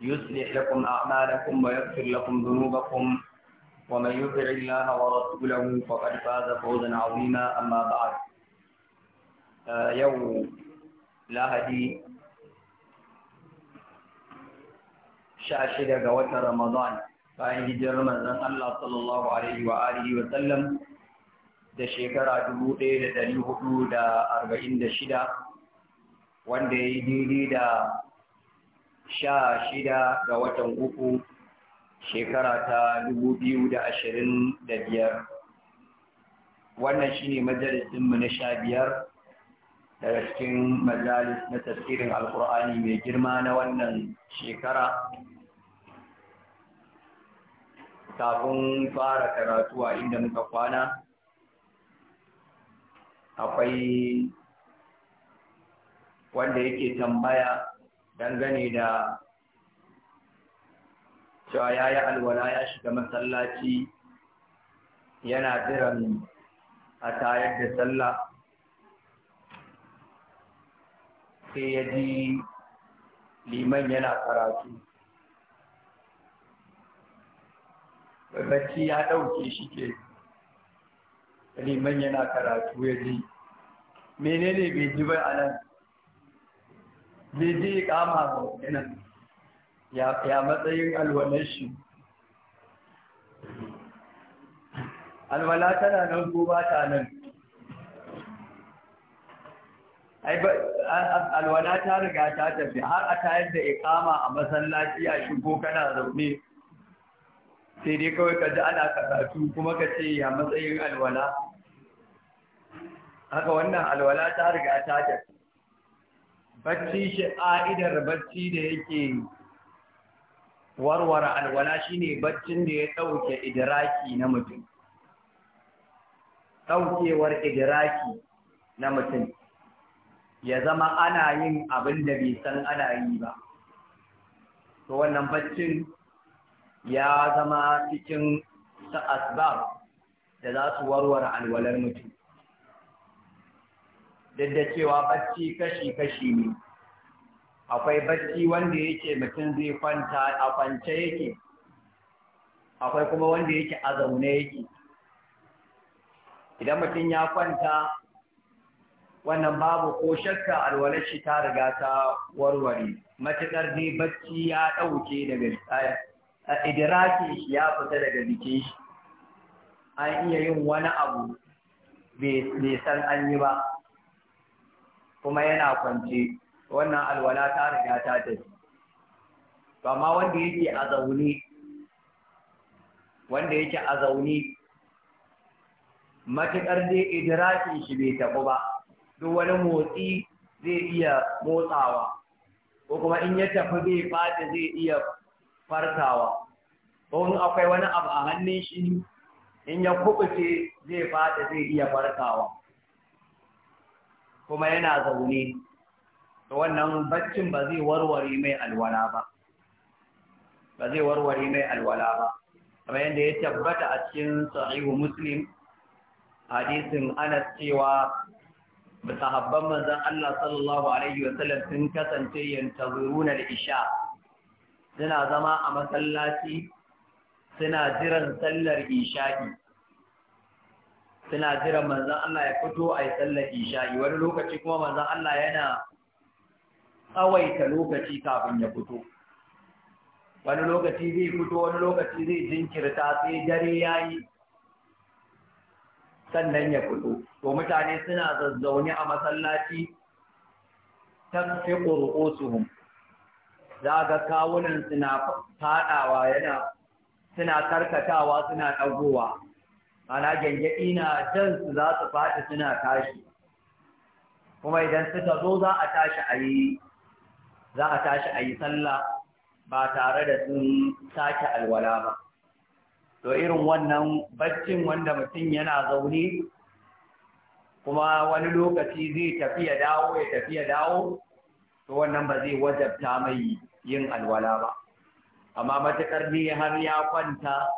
يصلح لكم أعمالكم ويغفر لكم ذنوبكم ومن يطع الله ورسوله فقد فاز فوزا عظيما أما بعد يوم لا هدي شاشد ga رمضان فإن هجر رمضان الله صلى الله عليه وآله وسلم da shekara dubu ɗaya da ɗari hudu da arba'in da shida wanda ya yi daidai da sha shida ga watan uku shekara ta dubu biyu da ashirin da biyar wannan shine majalisinmu na sha biyar daga cikin majalis na tafsirin alkur'ani mai girma na wannan shekara kafin fara karatu a inda muka kwana akwai wanda yake tambaya dangane da cewa ya yi alwala ya shiga masallaci yana jiran a tayar da sallah sai ya ji liman yana karatu bacci ya ɗauke shi ke liman yana karatu ya ji menene bai ji bai a nan bai je kama nan ya matsayin alwalar shi alwala tana nan ko ba ta nan alwala ta riga ta tafi har a tayar da ikama a masallaci a shigo kana zaune sai dai kawai ka ji ana karatu kuma ka ce ya matsayin alwala haka wannan alwala ta riga ta tafi bacci shi ƙa'idar bacci da yake warware alwala shine baccin da ya ɗauke idiraki na mutum ɗaukewar idiraki na mutum ya zama ana yin abin da bai san ana yi ba to wannan baccin ya zama cikin ta asbab da za su warware alwalar mutum duk da cewa bacci kashi-kashi ne akwai bacci wanda yake mutum zai kwanta a kwance yake akwai kuma wanda yake a zaune yake idan mutum ya kwanta wannan babu ko shakka alwalar shi ta riga ta warware matuƙar dai bacci ya ɗauke daga idiraki shi ya fita daga jikin shi an iya yin wani abu bai san an yi ba kuma yana kwance wannan alwala ta riga ta tafi to amma wanda yake a zauni wanda yake a zaune matuƙar dai idrakin shi bai tafi ba duk wani motsi zai iya motsawa ko kuma in ya tafi zai fata zai iya farkawa ko in akwai wani abu a hannun shi in ya kubuce zai fata zai iya farkawa kuma yana zaune da wannan baccin ba zai warware mai alwala ba ba zai warware mai alwala ba kamar yadda ya tabbata a cikin sahihu muslim hadisin anas cewa sahabban manzon Allah sallallahu alaihi wa sallam sun kasance yantazuruna al-isha suna zama a masallaci suna jiran sallar isha'i suna jiran manzan Allah ya fito a yi shayi. isha'i wani lokaci kuma manzan Allah yana tsawaita lokaci kafin ya fito wani lokaci zai fito wani lokaci zai jinkirta sai dare ya yi sannan ya fito to mutane suna zazzaune a masallaci ta fi ƙurƙosuhun za ga kawunan suna faɗawa yana suna karkatawa suna ɗagowa ana gyangyaɗi ina can su za su faɗi suna tashi kuma idan suka zo za a tashi a yi za a tashi a yi sallah ba tare da sun sake alwala ba to irin wannan baccin wanda mutum yana zaune kuma wani lokaci zai tafi ya dawo ya tafi ya dawo to wannan ba zai wajabta mai yin alwala ba amma matuƙar ne har ya kwanta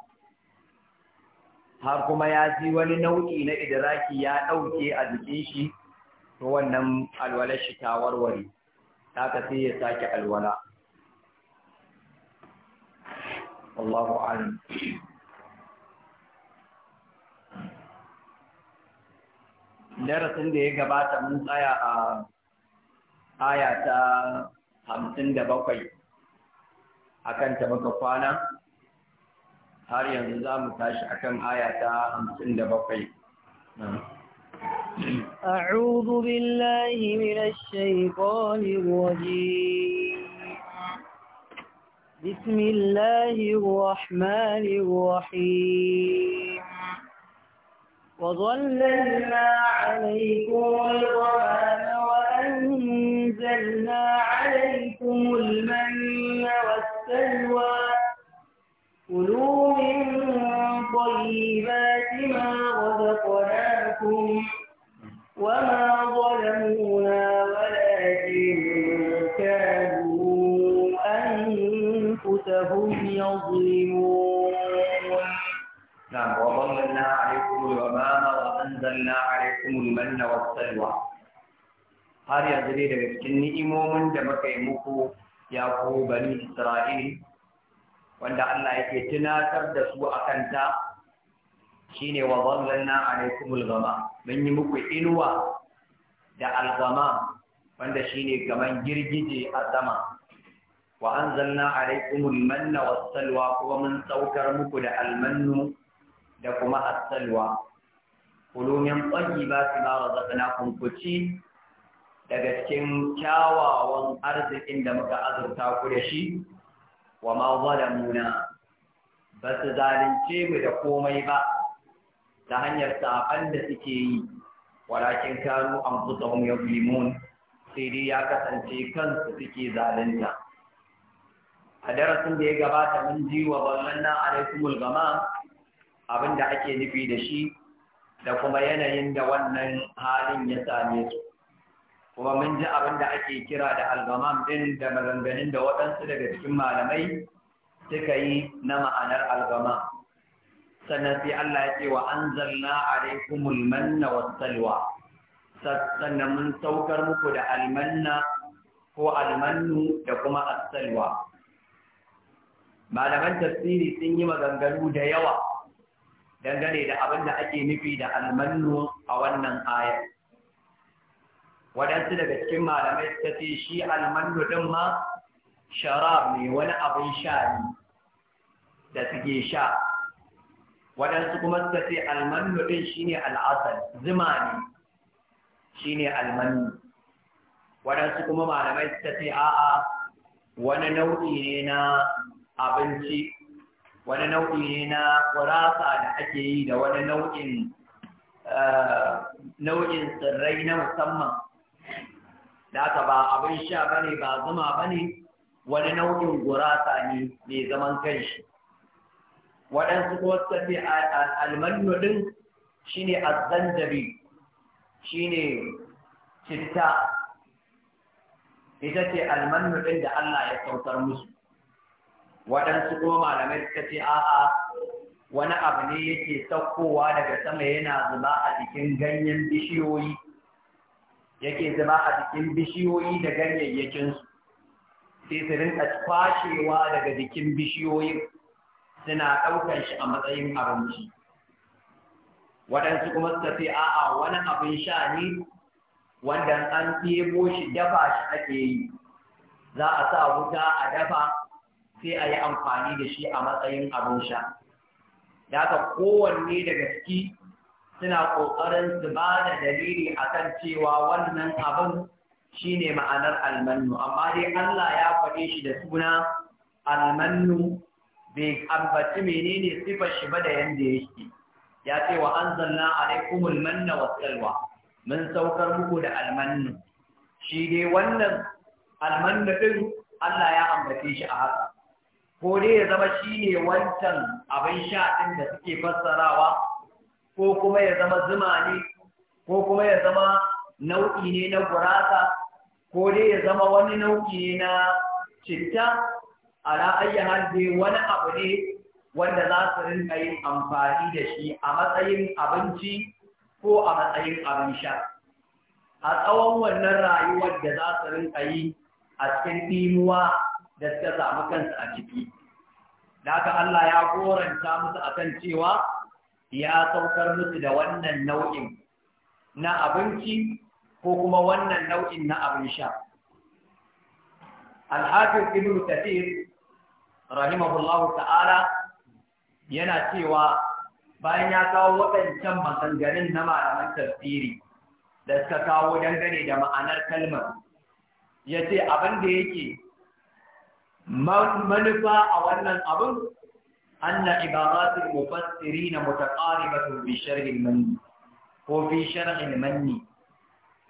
har kuma ya ji wani nau'i na idiraki ya ɗauke a jikin shi to wannan alwalar shi ta warware ka sai ya sake alwala Allahu darasin da ya gabata mun tsaya a aya ta hamsin da bakwai a ta muka kwana har yanzu za mu tashi akan aya ta 57 أعوذ بالله من الشيطان الرجيم بسم الله الرحمن الرحيم وظللنا عليكم القرآن وأنزلنا عليكم المن والسلوى كلوا من طيبات ما رزقناكم وما ظلمونا ولكن كانوا أنفسهم يظلمون نعم وظللنا عليكم الغمام وأنزلنا عليكم المن والسلوى هذه yanzu dai daga cikin ni'imomin يا بني إسرائيل wanda Allah yake tunatar da su kanta ta shine wa zallalna alaikumul gama mun yi muku inuwa da algama wanda shine gaman girgije a sama wa anzalna alaikumul manna wassalwa kuma mun saukar muku da almannu da kuma assalwa kulu min tayyibati ma razaqnakum kunkuci daga cikin kyawawan arzikin da muka azurta ku da shi wa ma muna, ba su zalunce mu da komai ba ta hanyar saban da suke yi walakin kanu an fusa hum yuzlimun sai dai ya kasance kansu suke zalunta a darasin da ya gabata mun ji wa na alaikumul gama abinda da ake nufi da shi da kuma yanayin da wannan halin ya same su kuma mun ji abin da ake kira da algamam din da maganganun da waɗansu daga cikin malamai suka yi na ma'anar algamam sannan sai Allah ya ce wa an anzalna alaikumul manna wasalwa sannan mun saukar muku da almanna ko almannu da kuma asalwa malaman tafsiri sun yi maganganu da yawa dangane da abin da ake nufi da almannu a wannan ayar waɗansu daga cikin malamai ta ce shi almanu ɗin ma sharab ne wani abin sha ne da suke sha waɗansu kuma suka ce almanu shi ne al'asal zuma ne shi shine almanu waɗansu kuma malamai ta ce a'a wani nau'i ne na abinci wani nau'i ne na wurasa da ake yi da wani nau'in eh, nau'in tsirrai na musamman da aka ba abin sha ba ne ba zuma ne wani nau'in gurasa ne mai zaman kanshi waɗansu ko suka ce almanno ɗin shine shi shine citta ita ce almanno da Allah ya sautar musu waɗansu ko malamai suka ce a'a wani abu ne yake saukowa daga sama yana zuba a jikin ganyen bishiyoyi yake zama a cikin bishiyoyi da ganyayyakinsu sai su rinka kwashewa daga jikin bishiyoyin suna ɗaukar shi a matsayin abinci waɗansu kuma su tafi a'a wani abin sha ne wanda an ɗebo shi dafa shi ake yi za a sa wuta a dafa sai a yi amfani da shi a matsayin abin sha da haka kowanne daga ciki suna ƙoƙarin su ba da dalili a kan cewa wannan abin shi ne ma'anar almannu amma dai Allah ya faɗe shi da suna almannu bai ambaci menene sifar shi ba da yadda ya yake ya ce wa an zanna alaikumul manna wa salwa mun saukar muku da almannu shi dai wannan almannu ɗin Allah ya ambace shi a haka ko dai ya zama shi ne wancan abin sha ɗin da suke fassarawa ko kuma ya zama zuma ne ko kuma ya zama nau'i ne na gurasa ko dai ya zama wani nau'i ne na citta a ra'ayyar hal wani abu ne wanda za su rinka yin amfani da shi a matsayin abinci ko a matsayin abin sha a tsawon wannan rayuwar da za su rinka yi a cikin ɗimuwa da suka samu kansu a ciki da haka Allah ya goranta musu akan cewa ya saukar musu da wannan nau'in na abinci ko kuma wannan nau'in na abin sha alhafi ibn kathir rahimahullahu ta'ala yana cewa bayan ya kawo waɗancan maganganun na malaman tafiri da suka kawo dangane da ma'anar kalmar ya ce abin da yake manufa a wannan abin أن عبارات المفسرين متقاربة في شرح المني وفي شرح المني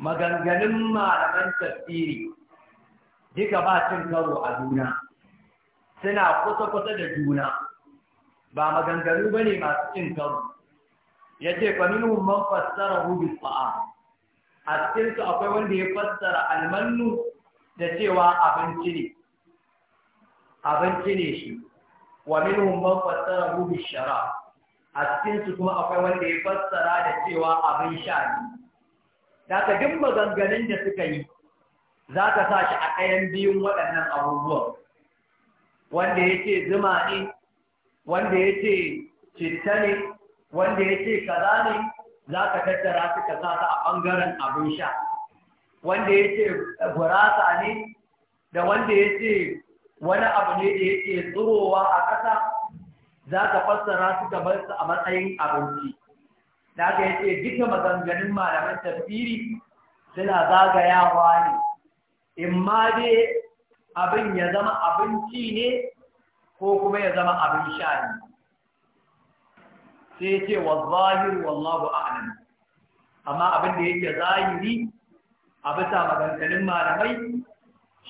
maganganun malaman tafsiri duka ba cin karo a juna suna kusa-kusa da juna ba maganganu ba ne masu cin karo ya ce faminun man fassara rubis ba'a a cikinsu akwai wanda ya fassara almanu da cewa abinci ne ne shi wa minhum man fassarahu bi shara a cikin su kuma akwai wanda ya fassara da cewa abin sha ne daga duk maganganun da suka yi za ka sa shi a ɗayan biyun waɗannan abubuwan wanda ya ce zuma ne wanda ya ce citta ne wanda ya ce kaza ne za ka tattara su ka sa a ɓangaren abin sha wanda ya ce gurasa ne da wanda ya ce wani abu ne da yake tsirowa a ƙasa za ka fassara su gaban su a matsayin abinci da aka yace duka maganganun malaman tafsiri suna zagayawa ne in ma dai abin ya zama abinci ne ko kuma ya zama abin sha ne sai ce wa wallahu a'lam amma abin da yake zahiri a bisa maganganun malamai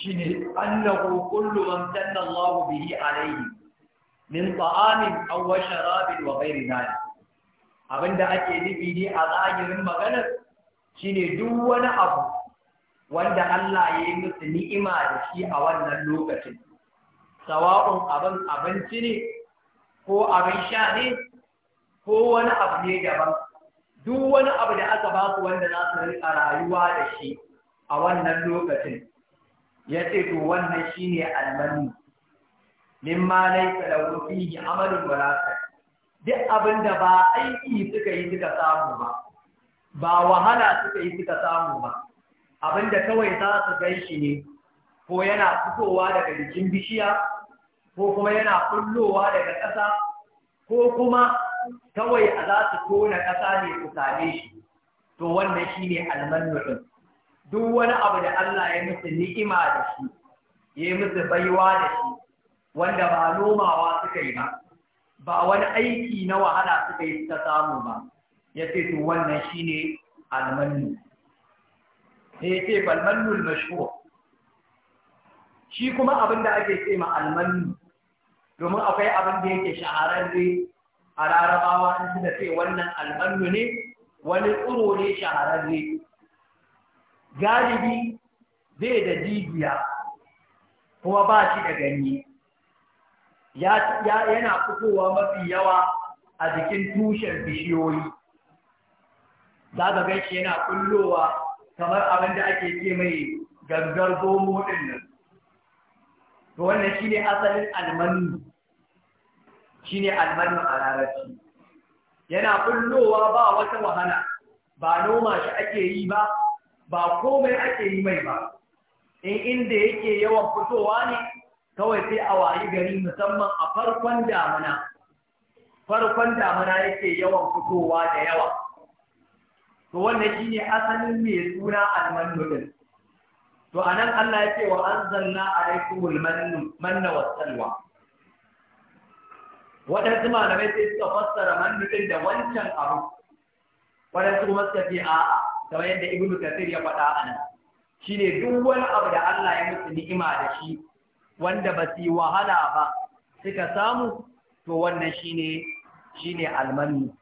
shine annahu kullu man tanna Allah bihi alayhi min ta'amin aw sharabin wa ghairi dhalik abinda ake nufi ne a zahirin maganar shi ne duk wani abu wanda Allah ya yi musu ni'ima da shi a wannan lokacin sawa'un abin abinci ne ko abin sha ne ko wani abu ne daban duk wani abu da aka ba su wanda za su rika rayuwa da shi a wannan lokacin ya ce to wannan shine almanu ma nai lahu fihi amalun wala duk abin ba aiki suka yi suka samu ba ba wahala suka yi suka samu ba abinda da kawai za su gan shi ne ko yana fitowa daga jikin bishiya ko kuma yana kullowa daga ƙasa ko kuma kawai a za su tona ƙasa ne su same shi to wannan shine almanu din duk wani abu da Allah ya musu ni'ima da shi ya musu baiwa da shi wanda ba nomawa suka yi ba ba wani aiki na wahala suka yi ta samu ba ya ce to wannan shine almannu ya ce balmannul mashhur shi kuma abin da ake ce ma almannu domin akwai abin da yake shahararre a larabawa an suna ce wannan almannu ne wani tsuro ne shahararre galibi bai da jijiya kuma ba shi da ganye yana fitowa mafi yawa a jikin tushen bishiyoyi za ka gan yana kullowa kamar abin da ake ce mai gangar gomo ɗin nan to wannan shi ne asalin almanu shi ne almanu a larabci yana kullowa ba wata wahala ba noma shi ake yi ba ba komai ake yi mai ba in inda yake yawan fitowa ne kawai sai a wayi gari musamman a farkon damuna farkon damuna yake yawan fitowa da yawa to wannan shine asalin mai suna almanudin to anan Allah yake wa anzalna alaykumul mannu manna wassalwa waɗansu malamai sai suka fassara mannu din da wancan abu waɗansu kuma suka ce a'a kamar yadda ibnu kasir ya faɗa a nan shine duk wani abu da Allah ya musu ni'ima da shi wanda ba su wahala ba suka samu to wannan shine shine almannu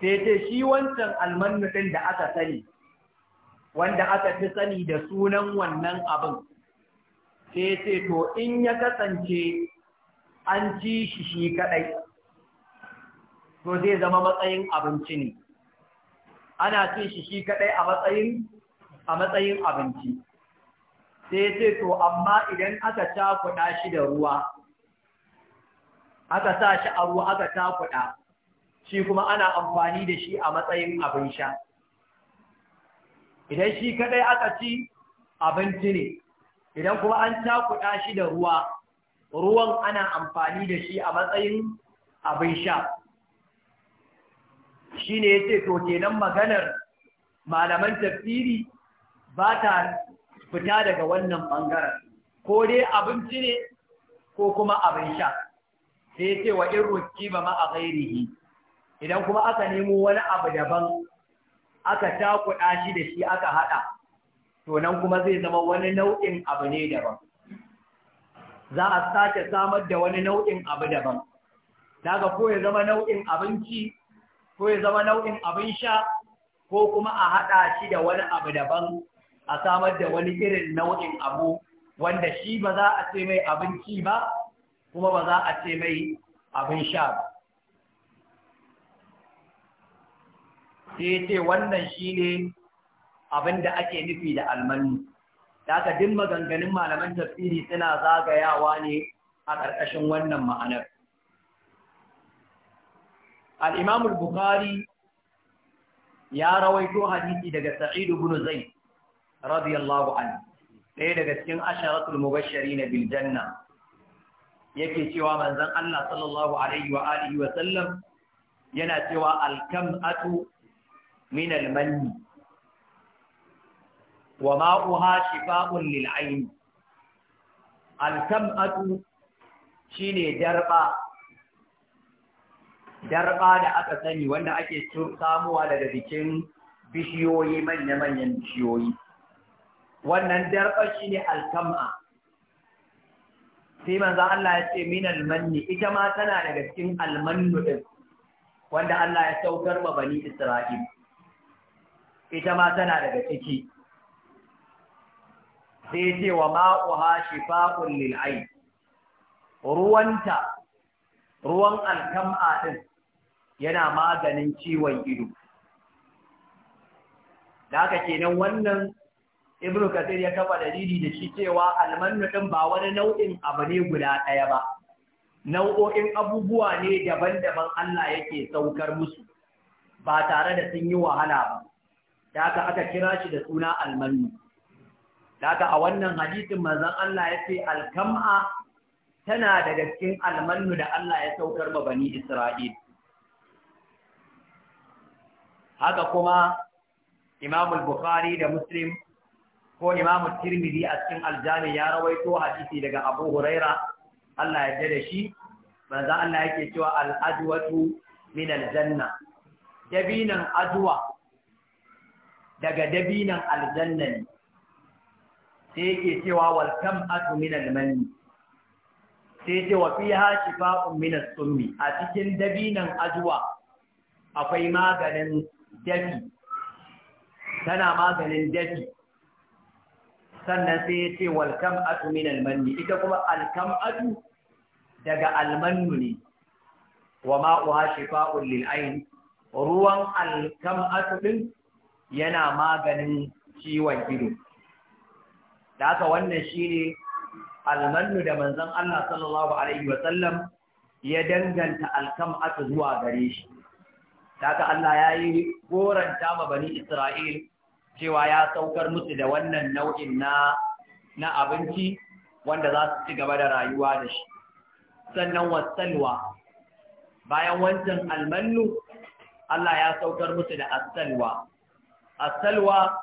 sai ce shi wancan almannu ɗin da aka sani wanda aka fi sani da sunan wannan abin sai ce to in ya kasance an ci shi shi kaɗai to zai zama matsayin abinci ne ana cin shi shi kadai a matsayin a matsayin abinci sai ce to amma idan aka takuɗa shi da ruwa aka sa shi a ruwa aka takuɗa shi kuma ana amfani da shi a matsayin abin sha idan shi kadai aka ci abinci ne idan kuma an takuɗa shi da ruwa ruwan ana amfani da shi a matsayin abin sha shine yace to kenan maganar malaman tafsiri ba ta fita daga wannan bangaren ko dai abinci ne ko kuma abin sha sai ya ce wa in ba ma a idan kuma aka nemo wani abu daban aka takuɗa shi da shi aka haɗa to nan kuma zai zama wani nau'in abu ne daban za a sake samar da wani nau'in abu daban daga ko ya zama nau'in abinci ko ya zama nau'in abin sha ko kuma a haɗa shi da wani abu daban a samar da wani irin nau'in abu wanda shi ba za a ce mai abinci ba kuma ba za a ce mai abin sha ba sai ce wannan shi ne abin da ake nufi da almanu da aka din maganganun malaman tafsiri suna zagayawa ne a ƙarƙashin wannan ma'anar al-imam bukhari ya rawaito hadisi daga Sa'idu ibn zaid radiyallahu anhu ɗaya daga cikin asharatul mubashirin bil yake cewa manzon Allah sallallahu alaihi wa alihi wa sallam yana cewa al-kam'atu min al-manni wa ma'uha shifa'un lil ayn al shine darba darba da aka sani wanda ake samuwa daga jikin bishiyoyi manya-manyan bishiyoyi wannan darba shi ne alkama sai manzan Allah ya ce min almanni ita ma tana daga cikin almannu ɗin wanda Allah ya saukar ma bani Isra'il ita ma tana daga ciki sai ce wa ma'uha shifa'un lil'ai ruwanta ruwan alkam'a din. yana maganin ciwon ido da haka kenan wannan ibnu kasir ya kafa dalili da shi cewa almannu din ba wani nau'in abu ne guda ɗaya ba nau'o'in abubuwa ne daban-daban Allah yake saukar musu ba tare da sun yi wahala ba da haka aka kira shi da suna almannu da haka a wannan hadisin manzon Allah ya ce alkam'a tana daga cikin almannu da Allah ya saukar ma bani Isra'il haka kuma imamul bukhari da muslim ko imamul tirmidhi a cikin aljami ya rawaito hadisi daga abu huraira Allah ya da shi manzo Allah yake cewa al-ajwatu min al dabinan ajwa daga dabinan aljanna ne sai yake cewa wal kam'atu min al sai ce wa fi fiha shifa'un min as-summi a cikin dabinan ajwa akwai maganin dafi tana maganin dafi sannan sai ya ce walkam atu min almanni ita kuma alkam atu daga almannu ne wa ma'uha shifa'un lil ayn ruwan alkam atu din yana maganin ciwon ido da haka wannan shine almannu da manzon Allah sallallahu alaihi wa sallam ya danganta alkam atu zuwa gare shi haka Allah ya yi goranta ma bani Isra'il cewa ya saukar musu da wannan nau'in na na abinci wanda za su ci gaba da rayuwa da shi. Sannan wasalwa, bayan wancan almannu, Allah ya saukar musu da asalwa. Asalwa,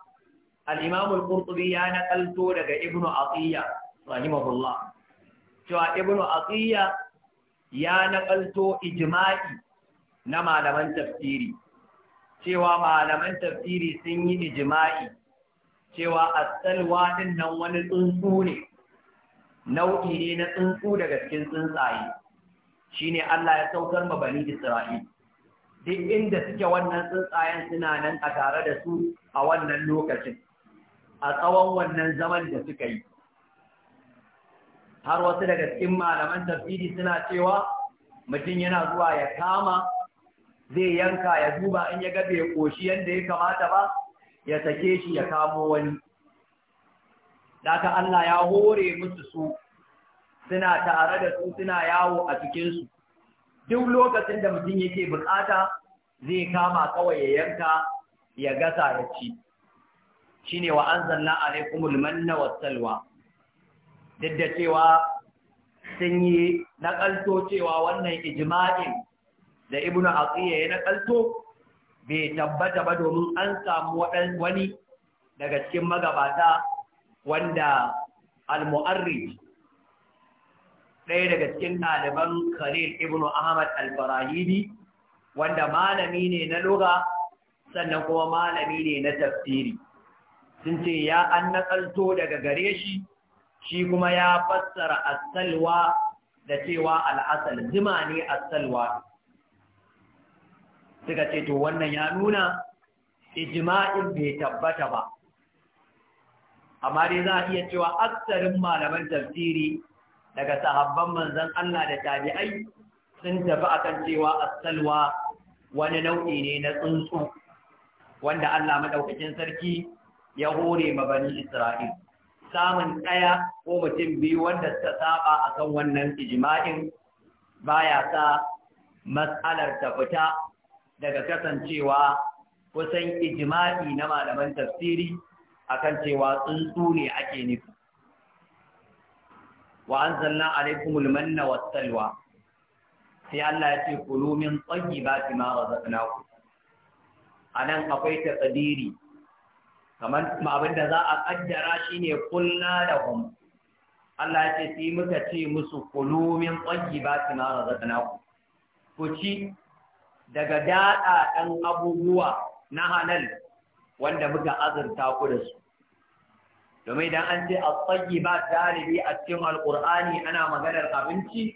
al'imamul Qurtubi ya naƙalto daga Ibnu Atiyya, rahimahullah. Cewa Ibnu asiyya ya naƙalto ijima'i na malaman tafsiri cewa malaman tafsiri sun yi ijima'i cewa asalwa din nan wani tsuntsu ne nau'i ne na tsuntsu daga cikin tsuntsaye shine Allah ya saukar ma bani Isra'il duk inda suke wannan tsuntsayen suna nan a tare da su a wannan lokacin a tsawon wannan zaman da suka yi har wasu daga cikin malaman tafsiri suna cewa mutum yana zuwa ya kama zai yanka ya duba in ya ga bai koshi yadda ya kamata ba ya sake shi ya kamo wani daga Allah ya hore musu su suna tare da su suna yawo a cikinsu duk lokacin da mutum yake bukata zai kama kawai ya yanka ya gasa ya ci shine wa anzalna alaikumul manna salwa. duk da cewa sun yi nakalto cewa wannan ijma'in da ibnu atiya ya nakalto bai tabbata ba domin an samu wani daga cikin magabata wanda al-mu'arrij ɗaya daga cikin ɗaliban khalil ibnu ahmad al-farahidi wanda malami ne na lura sannan kuma malami ne na tafsiri sun ce ya an nakalto daga gare shi shi kuma ya fassara asalwa da cewa al'asal zima ne asalwa suka ce to wannan ya nuna ijma'in bai tabbata ba amma dai za a iya cewa aksarin malaman tafsiri daga sahabban manzon Allah da tabi'ai sun tafi akan cewa asalwa salwa wani nau'i ne na tsuntsu wanda Allah madaukakin sarki ya hore ma bani Isra'il samun ɗaya ko mutum biyu wanda suka saba akan wannan ijma'in baya sa matsalar ta fita daga kasancewa kusan ijma'i na malaman tafsiri akan cewa tsuntsu ne ake nufi wa an zanna laifin mulman na wasalwa, sai Allah ya ce kulu min fi ma A nan akwai ta tsadiri, kamar abin da za a ne shine da lahum Allah ya ce sai muka ce musu kulu min tayyibati ma naku. ku ci daga daɗaɗen abubuwa na halal wanda muka azurta ku da su. Domin idan an ce a tsagi ba galibi a cikin Alƙur'ani ana maganar abinci,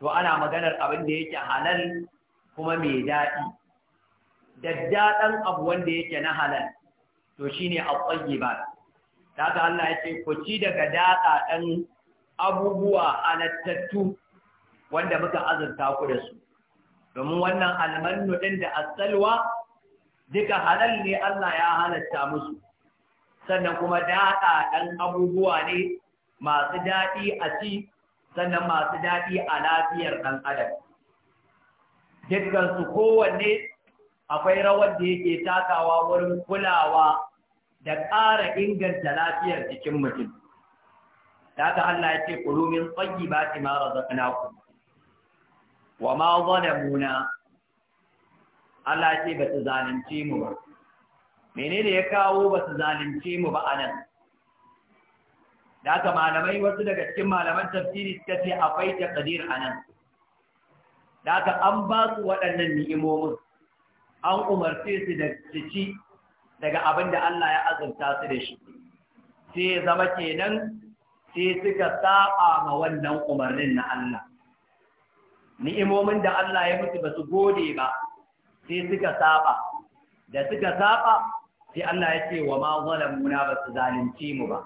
to ana maganar abin da yake halal kuma mai daɗi. Daddaɗan abu wanda yake na halal, to shi ne a tsagi ba. Daga Allah ya ce, ku ci daga daɗaɗen abubuwa a nattattu wanda muka azurta ku da su. domin wannan almannu ɗin da asalwa duka halal ne Allah ya halatta musu sannan kuma daɗa ɗan abubuwa ne masu daɗi a ci sannan masu daɗi a lafiyar ɗan adam dukkansu kowanne akwai rawar da yake takawa wurin kulawa da ƙara inganta lafiyar jikin mutum. Da Allah ya ce, Kulumin tsaggi ba ti mara zafi wa ma zalamuna Allah ce ba su zalunce mu ba menene ya kawo ba su zalunce mu ba anan da aka malamai wasu daga cikin malaman tafsiri suka ce akwai taqdir anan da aka an ba su waɗannan ni'imomin an umarce su da ci daga abin da Allah ya azurta su da shi sai zama kenan sai suka saba ma wannan umarnin na Allah ni'imomin da Allah ya mutu ba su gode ba sai suka saba da suka saba sai Allah ya ce wa ma zalamuna ba su zalunci mu ba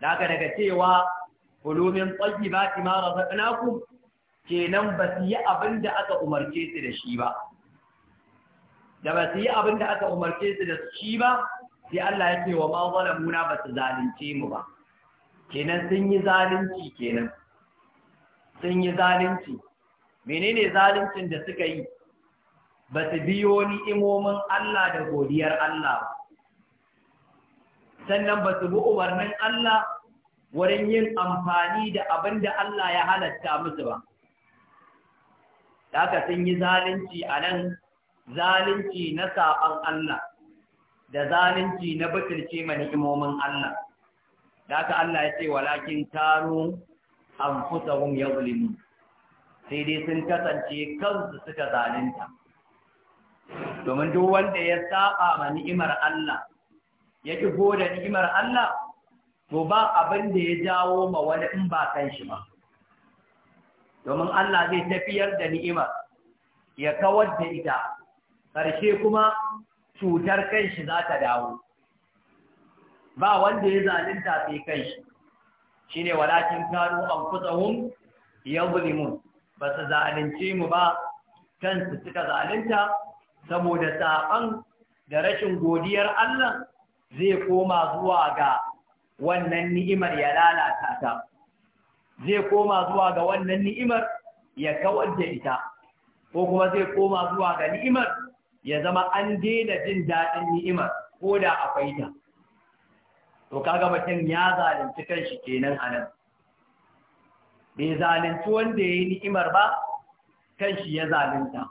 daga daga cewa kulumin tsajibati ma ku? kenan ba su yi abin da aka umarce su da shi ba da ba su yi abin da aka umarce su da shi ba sai Allah ya ce wa ma zalamuna ba su zalunce mu ba kenan sun yi zalunci kenan sun yi zalunci menene zaluncin da suka yi ba su biyo ni'imomin Allah da godiyar Allah sannan ba su bi umarnin Allah wurin yin amfani da abin da Allah ya halatta musu ba haka sun yi zalunci a nan zalunci na saɓan Allah da zalunci na butulce mani imomin Allah haka Allah ya ce walakin taro An anfusahum yazlimun sai dai sun kasance kansu suka zalunta domin duk wanda ya saba ma ni'imar Allah ya ki goda ni'imar Allah to ba abin da ya jawo ma wani in ba kan shi ba domin Allah zai tafiyar da ni'imar ya kawar da ita ƙarshe kuma cutar kanshi za ta dawo ba wanda ya zalunta sai shi. shine walakin kanu yau bulimun ba su zalunce mu ba kan su suka zalunta saboda saɓan da rashin godiyar Allah zai koma zuwa ga wannan ni'imar ya lalata ta zai koma zuwa ga wannan ni'imar ya kawar da ita ko kuma zai koma zuwa ga ni'imar ya zama an daina jin daɗin ni'imar ko da akwai ta to kaga mutum ya zalunci kanshi kenan a nan bai zalunci wanda ya yi ni'imar ba kanshi ya zalunta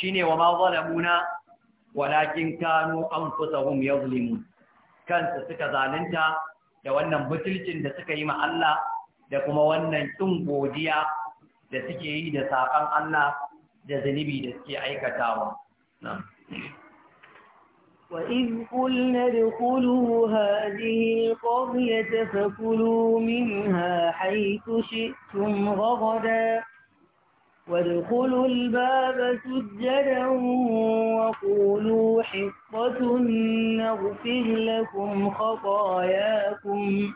shine wa ma zalamuna walakin kanu anfusahum yazlimun kansu suka zalunta da wannan butulcin da suka yi ma Allah da kuma wannan ɗin godiya da suke yi da saƙon Allah da zunubi da suke aikatawa. وإذ قلنا ادخلوا هذه القرية فكلوا منها حيث شئتم غضا وادخلوا الباب سجدا وقولوا حطة نغفر لكم خطاياكم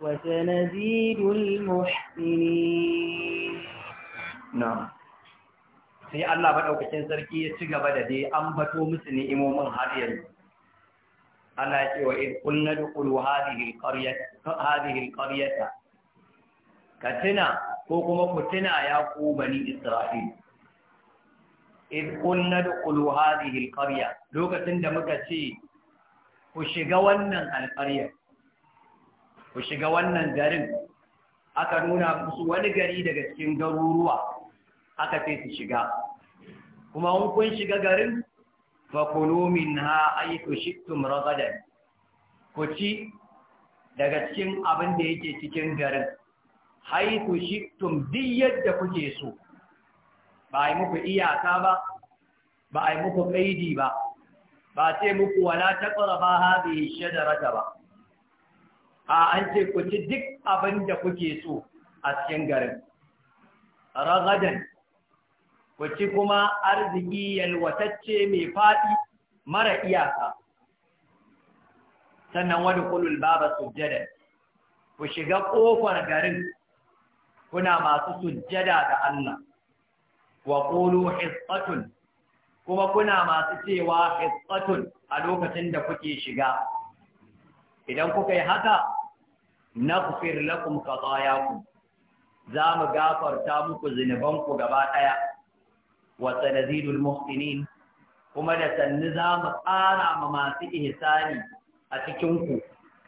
وسنزيد المحسنين نعم sai Allah maɗaukacin sarki ya ci gaba da dai an bato musu ni'imomin har yanzu Allah ya ce wa in kunna dukulu hadhihi alqaryata ka tuna ko kuma ku tuna ya ku bani Isra'il in kunna dukulu hadhihi alqarya lokacin da muka ce ku shiga wannan alqarya ku shiga wannan garin aka nuna musu wani gari daga cikin garuruwa haka ce su shiga kuma in kun shiga garin fakulu minha aitu shittum ragadan ku ci daga cikin abin da yake cikin garin haitu shittum duk yadda kuke so ba a muku iyaka ba ba a muku kaidi ba ba ce muku wala taqraba hadhihi shajarata ba a ce ku ci duk abin da kuke so a cikin garin ragadan Kuci kuma arziki yalwatacce mai faɗi mara iyaka. Sannan wani kulul baba sujjada, ku shiga ƙofar garin kuna masu sujjada ga Allah. Wa ƙulu hisqatun kuma kuna masu cewa hisqatun a lokacin da kuke shiga. Idan kuka yi haka, na kufir lakum ku. za mu gafarta muku zunubanku gaba ɗaya وسنزيد muhsinin kuma da sannu za mu ƙara ma masu ihsani a cikinku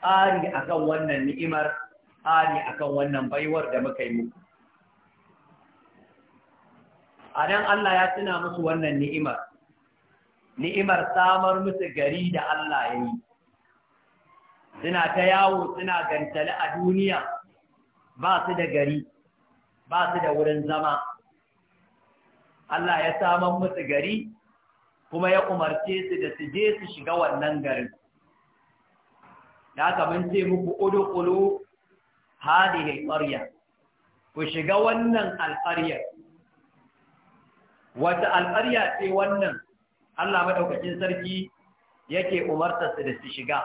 ƙari a kan wannan ni'imar ƙari a kan wannan baiwar da muka yi muku. A nan Allah ya tuna musu wannan ni'imar, ni'imar samar musu gari da Allah ya yi. Suna ta yawo suna gantale a duniya ba su da gari, ba su da wurin zama. Allah ya saman musu gari kuma ya umarce su da su je su shiga wannan garin Ya aka ce muku udkhulu hadhihi ku shiga wannan alqarya wata alqarya ce wannan Allah maɗaukacin sarki yake umartarsa da su shiga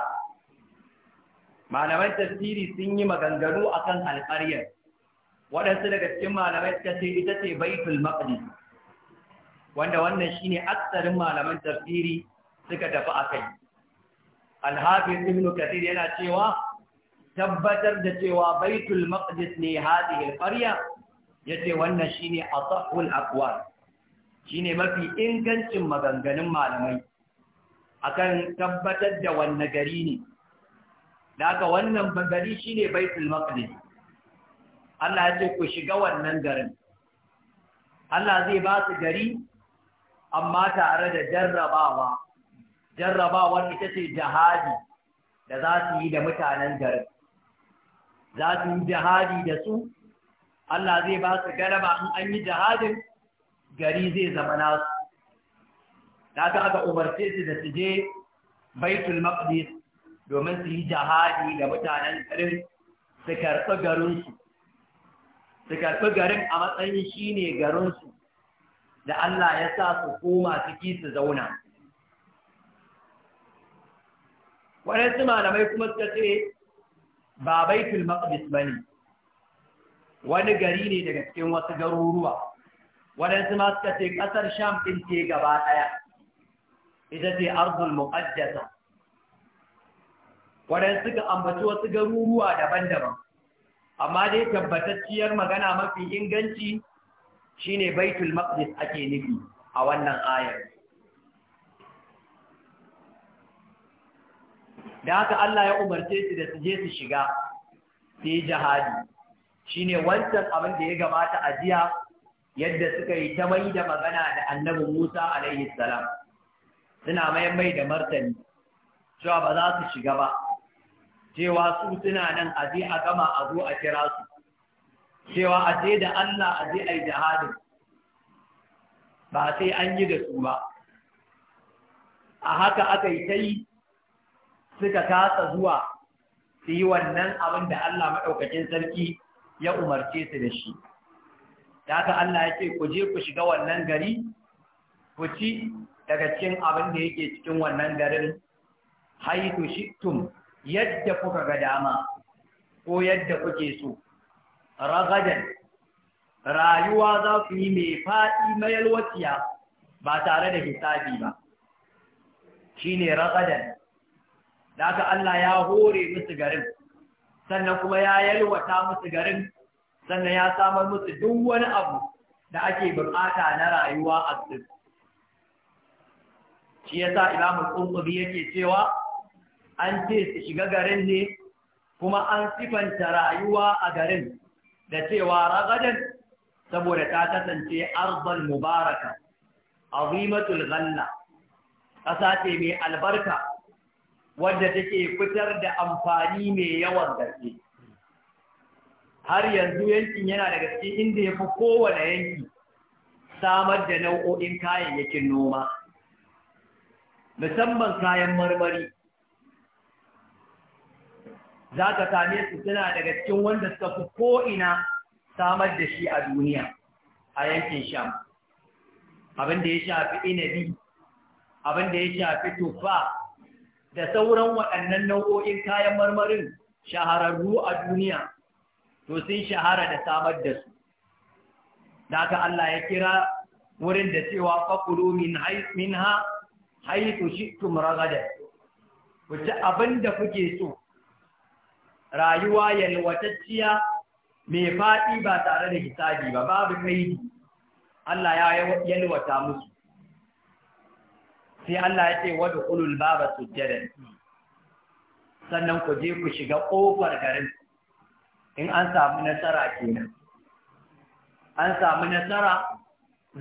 malaman tasiri sun yi maganganu akan alqarya waɗansu daga cikin malamai ta ce ita ce baitul maqdis wanda wannan shine aksarin malaman tafsiri suka tafi akai kai, Alhafi ibn kathir yana cewa tabbatar da cewa baitul maqdis ne hadhihi al ya ce wannan shine asahul aqwal shine mafi ingancin maganganun malamai akan tabbatar da wannan gari ne da aka wannan gari shine baitul maqdis Allah ya ce ku shiga wannan garin Allah zai ba su gari amma tare da jarrabawa jarrabawa ita ce jihadi da za su yi da mutanen garin za su yi jihadi da su Allah zai ba su galaba in an yi jihadin gari zai zama nasu na ta aka umarce su da su je baitul maqdis domin su yi jihadi da mutanen garin su karɓi garinsu su karɓi garin a matsayin shine ne garinsu da Allah ya sa su koma ciki su zauna. su malamai kuma suka ce, ba baitul maqdis ba ne, wani gari ne daga cikin wasu garuruwa, su ma suka ce ƙasar Sham ɗin ce gaba ɗaya, ita ce arzul muƙaddasa. Wadansu suka ambaci wasu garuruwa daban-daban, amma dai tabbatacciyar magana mafi inganci shine baitul maqdis ake nufi a wannan ayar da haka Allah ya umarce su da su je su shiga su yi jihadi ne wancan abin da ya gabata a jiya yadda suka yi ta mai da magana da annabi Musa alaihi salam suna mai mai da martani cewa ba za su shiga ba cewa su suna nan a je a gama a zo a kira su cewa a je da Allah a je a yi jihadin ba sai an yi da su ba a haka aka yi ta yi suka kasa zuwa su yi wannan abin da Allah maɗaukacin sarki ya umarce su da shi ta haka Allah ya ce ku je ku shiga wannan gari ku ci daga cikin abin da yake cikin wannan garin haitu tun yadda kuka ga dama ko yadda kuke so ragadan rayuwa za su yi mai faɗi mayalwaciya ba tare da hisabi ba shi ne ragadan da aka Allah ya hore musu garin sannan kuma ya yalwata musu garin sannan ya samar musu duk wani abu da ake bukata na rayuwa a su. shi ya yasa imamul qurtubi yake cewa an ce su shiga garin ne kuma an sifanta rayuwa a garin da cewa ragadan saboda ta kasance arzal mubaraka azimatul ghalla ƙasa ce mai albarka wadda take fitar da amfani mai yawan gaske har yanzu yankin yana da gaske inda ya fi kowane yanki samar da nau'o'in kayayyakin noma musamman kayan marmari za ka same su suna daga cikin wanda suka fi ko'ina samar da shi a duniya a yankin sham abin da ya shafi inabi abin da ya shafi tufa da sauran waɗannan nau'o'in kayan marmarin shahararru a duniya to sun shahara da samar da su da ka Allah ya kira wurin da cewa fakulu min ha haitu shi tumragada ku ci abin da kuke so rayuwa yalwatacciya mai faɗi ba tare da hisabi ba babu kaidi Allah ya yalwata musu sai Allah ya ce wadda ulul baba sujjadan sannan ku je ku shiga ƙofar garin in an samu nasara kenan an samu nasara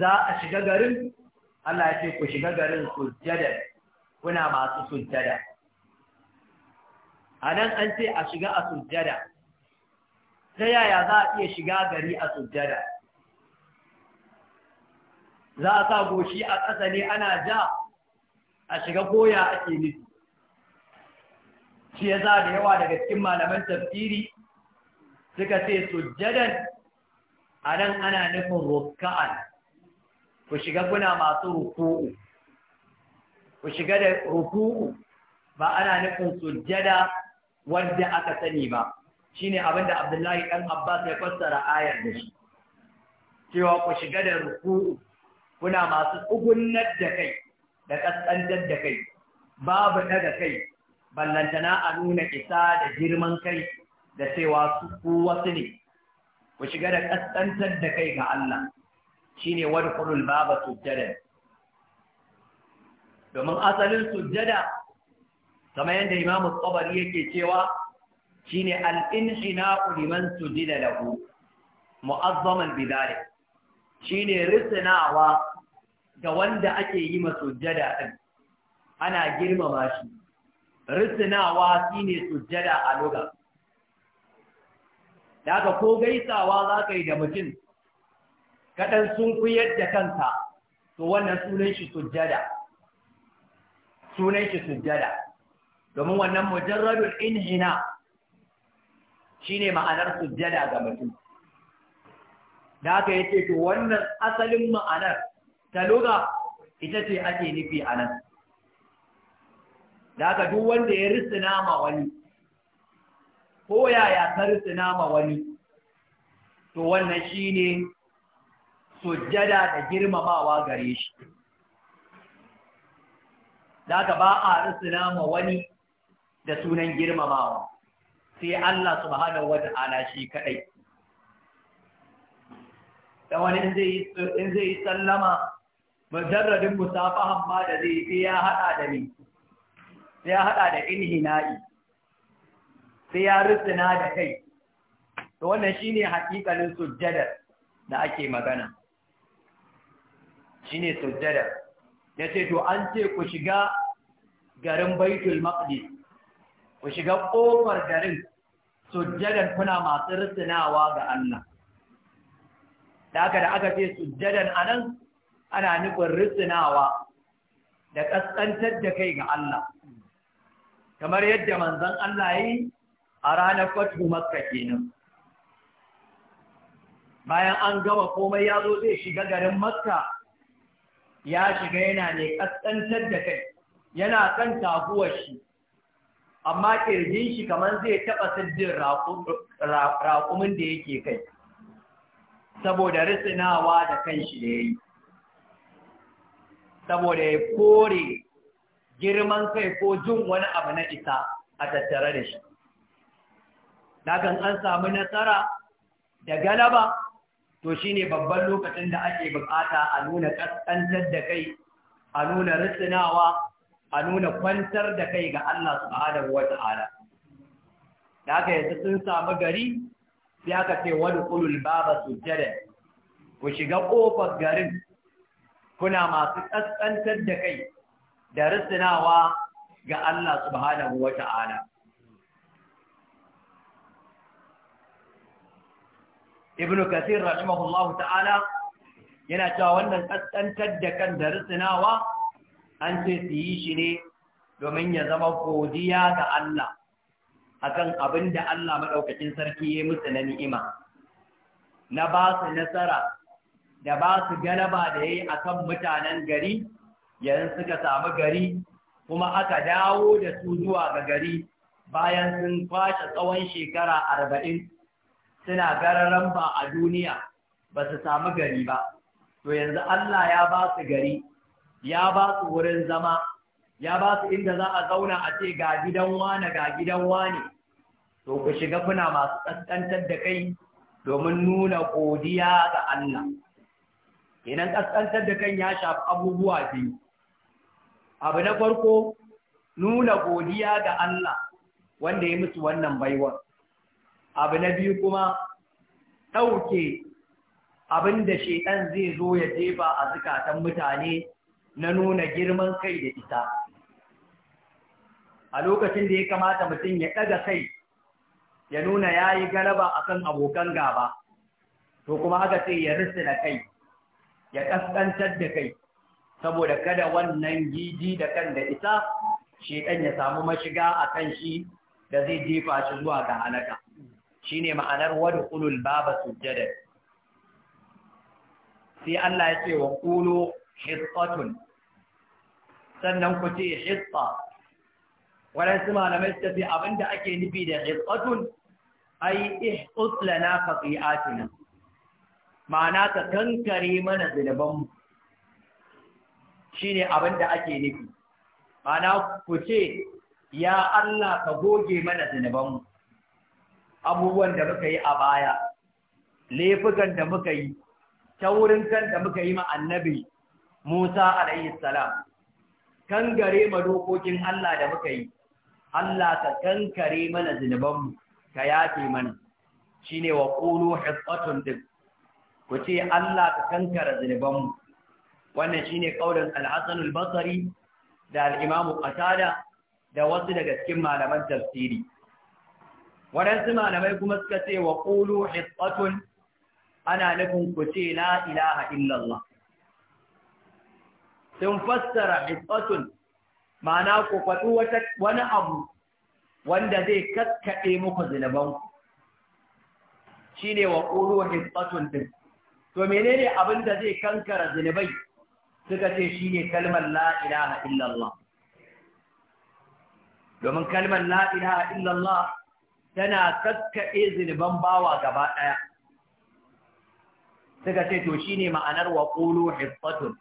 za a shiga garin Allah ya ce ku shiga garin sujjadan kuna masu sujjada a nan an ce a shiga a sujjada ta yaya za a iya shiga gari a sujjada za a sa goshi a ƙasa ne ana ja a shiga koya ake nufi shi ya za da yawa daga cikin malaman tafsiri suka ce sujjadan a nan ana nufin rukka'an ku shiga kuna masu ruku'u ku shiga da ruku'u ba ana nufin sujjada Wanda aka sani ba shine abinda Abdullahi ɗan Abbas ya fassara ayar da shi cewa ku shiga da ruku'u kuna masu tsugunnar da kai da kaskantar da kai babu ɗaga kai ballantana a nuna isa da girman kai da cewa su ku wasu ne ku shiga da kaskantar da kai ga Allah wani wadkhulul baba sujjada domin asalin sujjada kamar yadda imamu tsabari yake cewa shi ne shine al su ji da lagu mu'azzaman shi ne risinawa ga wanda ake yi jada ɗin, ana girmama shi ne shine sujjada a loga daga ko gaisawa za ka yi da mutum kaɗan sun kuyar da kanta to wannan sunan shi jada sunan shi sujjada domin wannan mujarradul inhina shine ma'anar sujjada ga mutum da aka yace to wannan asalin ma'anar ta lugha ita ce ake nufi anan da aka duk wanda ya risina ma wani ko yaya ka risina ma wani to wannan shine sujjada da girmamawa gare shi da aka ba a risina ma wani da sunan girmamawa sai Allah subhanahu ta'ala shi kadai da wani in zai yi sallama mujarradin musafahan ma da zai sai ya hada da ni sai ya hada da inhina'i sai ya rusuna da kai to wannan shine hakikalin sujjadar da ake magana shine sujjadar yace to an ce ku shiga garin Baitul Maqdis ku shiga ƙofar garin sujjadan kuna masu rusunawa ga Allah da aka da aka ce sujjadan anan ana nufin rusunawa da ƙasƙantar da kai ga Allah kamar yadda manzon Allah yi a ranar fatu makka kenan bayan an gama komai ya zo zai shiga garin makka ya shiga yana ne ƙasƙantar da kai yana kan taguwar shi amma ƙirjin shi kamar zai taɓa siddin raƙumin da yake kai saboda risinawa da kan shi da yi saboda ya kore girman kai ko jin wani abu na isa a tattare da shi dakan an samu nasara da galaba to shine babban lokacin da ake bukata a nuna ƙasƙantar da kai a nuna risinawa a nuna kwantar da kai ga Allah subhanahu ta'ala, da aka yanzu sun samu gari sai aka ce wani kulul baba su sujjada ku shiga ƙofar garin kuna masu ƙasƙantar da kai da risinawa ga Allah subhanahu ta'ala. Ibn Kathir rahimahullahu ta'ala yana cewa wannan ƙasƙantar da kan da risinawa an ce su yi shi ne domin ya zama godiya ga Allah akan abin da Allah maɗaukacin sarki ya musu na ni'ima na ba su nasara da ba su galaba da ya yi a kan mutanen gari yanzu suka samu gari kuma aka dawo da su zuwa ga gari bayan sun kwashe tsawon shekara arba'in suna gararan ba a duniya ba su samu gari ba to yanzu Allah ya ba su gari ya ba su wurin zama ya ba su inda za a zauna a ce ga gidan wane ga gidan wane to ku shiga kuna masu ƙasƙantar da kai domin nuna godiya ga Allah kenan ƙasƙantar da kan ya shafi abubuwa biyu abu na farko nuna godiya ga Allah wanda ya musu wannan baiwar abu na biyu kuma ɗauke abin da zai zo ya jefa a zukatan mutane na nuna girman kai da ita a lokacin da ya kamata mutum ya ɗaga kai ya nuna ya yi galaba akan abokan gaba to kuma haka sai ya risina kai ya ƙasƙantar da kai saboda kada wannan giji da kan da isa ɗan ya samu mashiga a kan shi da zai jefa shi zuwa ga halaka shi ne ma'anar wadda ƙulul baba sujjadar sai Allah ya ce wa ƙulo hisfatun sannan ku ce hisfa waɗansu malamai suka ce abinda ake nufi da hisfatun ai ihsus lana khati'atuna ma'ana ka kankare mana zunubanmu shine abinda ake nufi ma'ana ku ce ya Allah ka goge mana mu. abubuwan da muka yi a baya laifukan da muka yi taurin kan da muka yi ma annabi Musa alaihi salam kan gare ma dokokin Allah da muka yi Allah ka kankare mana zunubanmu ka yafe mana shine wa qulu hisqatun din ku ce Allah ka kankare zunubanmu wannan shine kaulin al-Hasan al-Basri da al-Imam Qatada da wasu daga cikin malaman tafsiri waɗansu malamai kuma suka ce wa qulu hisqatun ana nufin ku ce la ilaha illallah sun fassara hisatun ma'ana ku faɗi wani abu wanda zai kakkaɗe muku zunubanku shi ne wa ƙuru hisatun ɗin to menene abin da zai kankara zunubai suka ce shi ne kalmar la'ilaha illallah domin kalmar la'ilaha illallah tana kakkaɗe zunuban bawa gaba ɗaya suka ce to shi ne ma'anar wa ƙulu hisatun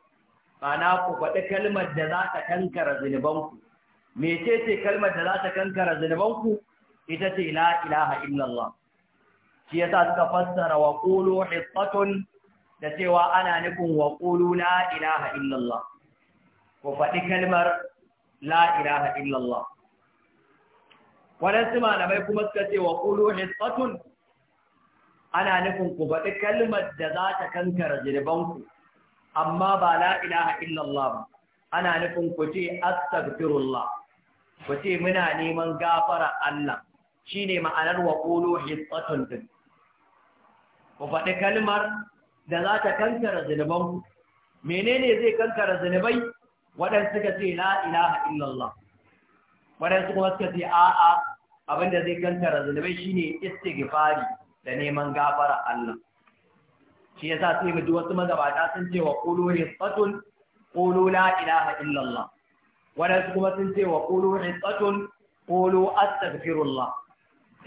ana ku faɗi kalmar da za ta kankara zunubanku mece ce kalmar da za ta kankara zunubanku ita ce la ilaha illallah shi ya sa suka fassara wa qulu hittatun da cewa ana nufin wa qulu la ilaha illallah ku faɗi kalmar la ilaha illallah waɗansu malamai kuma suka ce wa ƙulu hissatun ana nufin ku faɗi kalmar da za ta kankara jirbanku amma ba la ilaha illallah ba ana nufin ku ce astaghfirullah ku ce muna neman gafara Allah shine ma'anar wa qulu hisatun din ku faɗi kalmar da za ta kankara zunuban menene zai kankara zunubai waɗansu suka ce la ilaha illallah waɗansu kuma suka ce a'a abinda zai kankara zunubai shine istighfari da neman gafara Allah shi yasa sai mu ji wasu magabata sun ce wa qulu hisatun qulu la ilaha illallah wadansu kuma sun ce wa qulu hisatun qulu astaghfirullah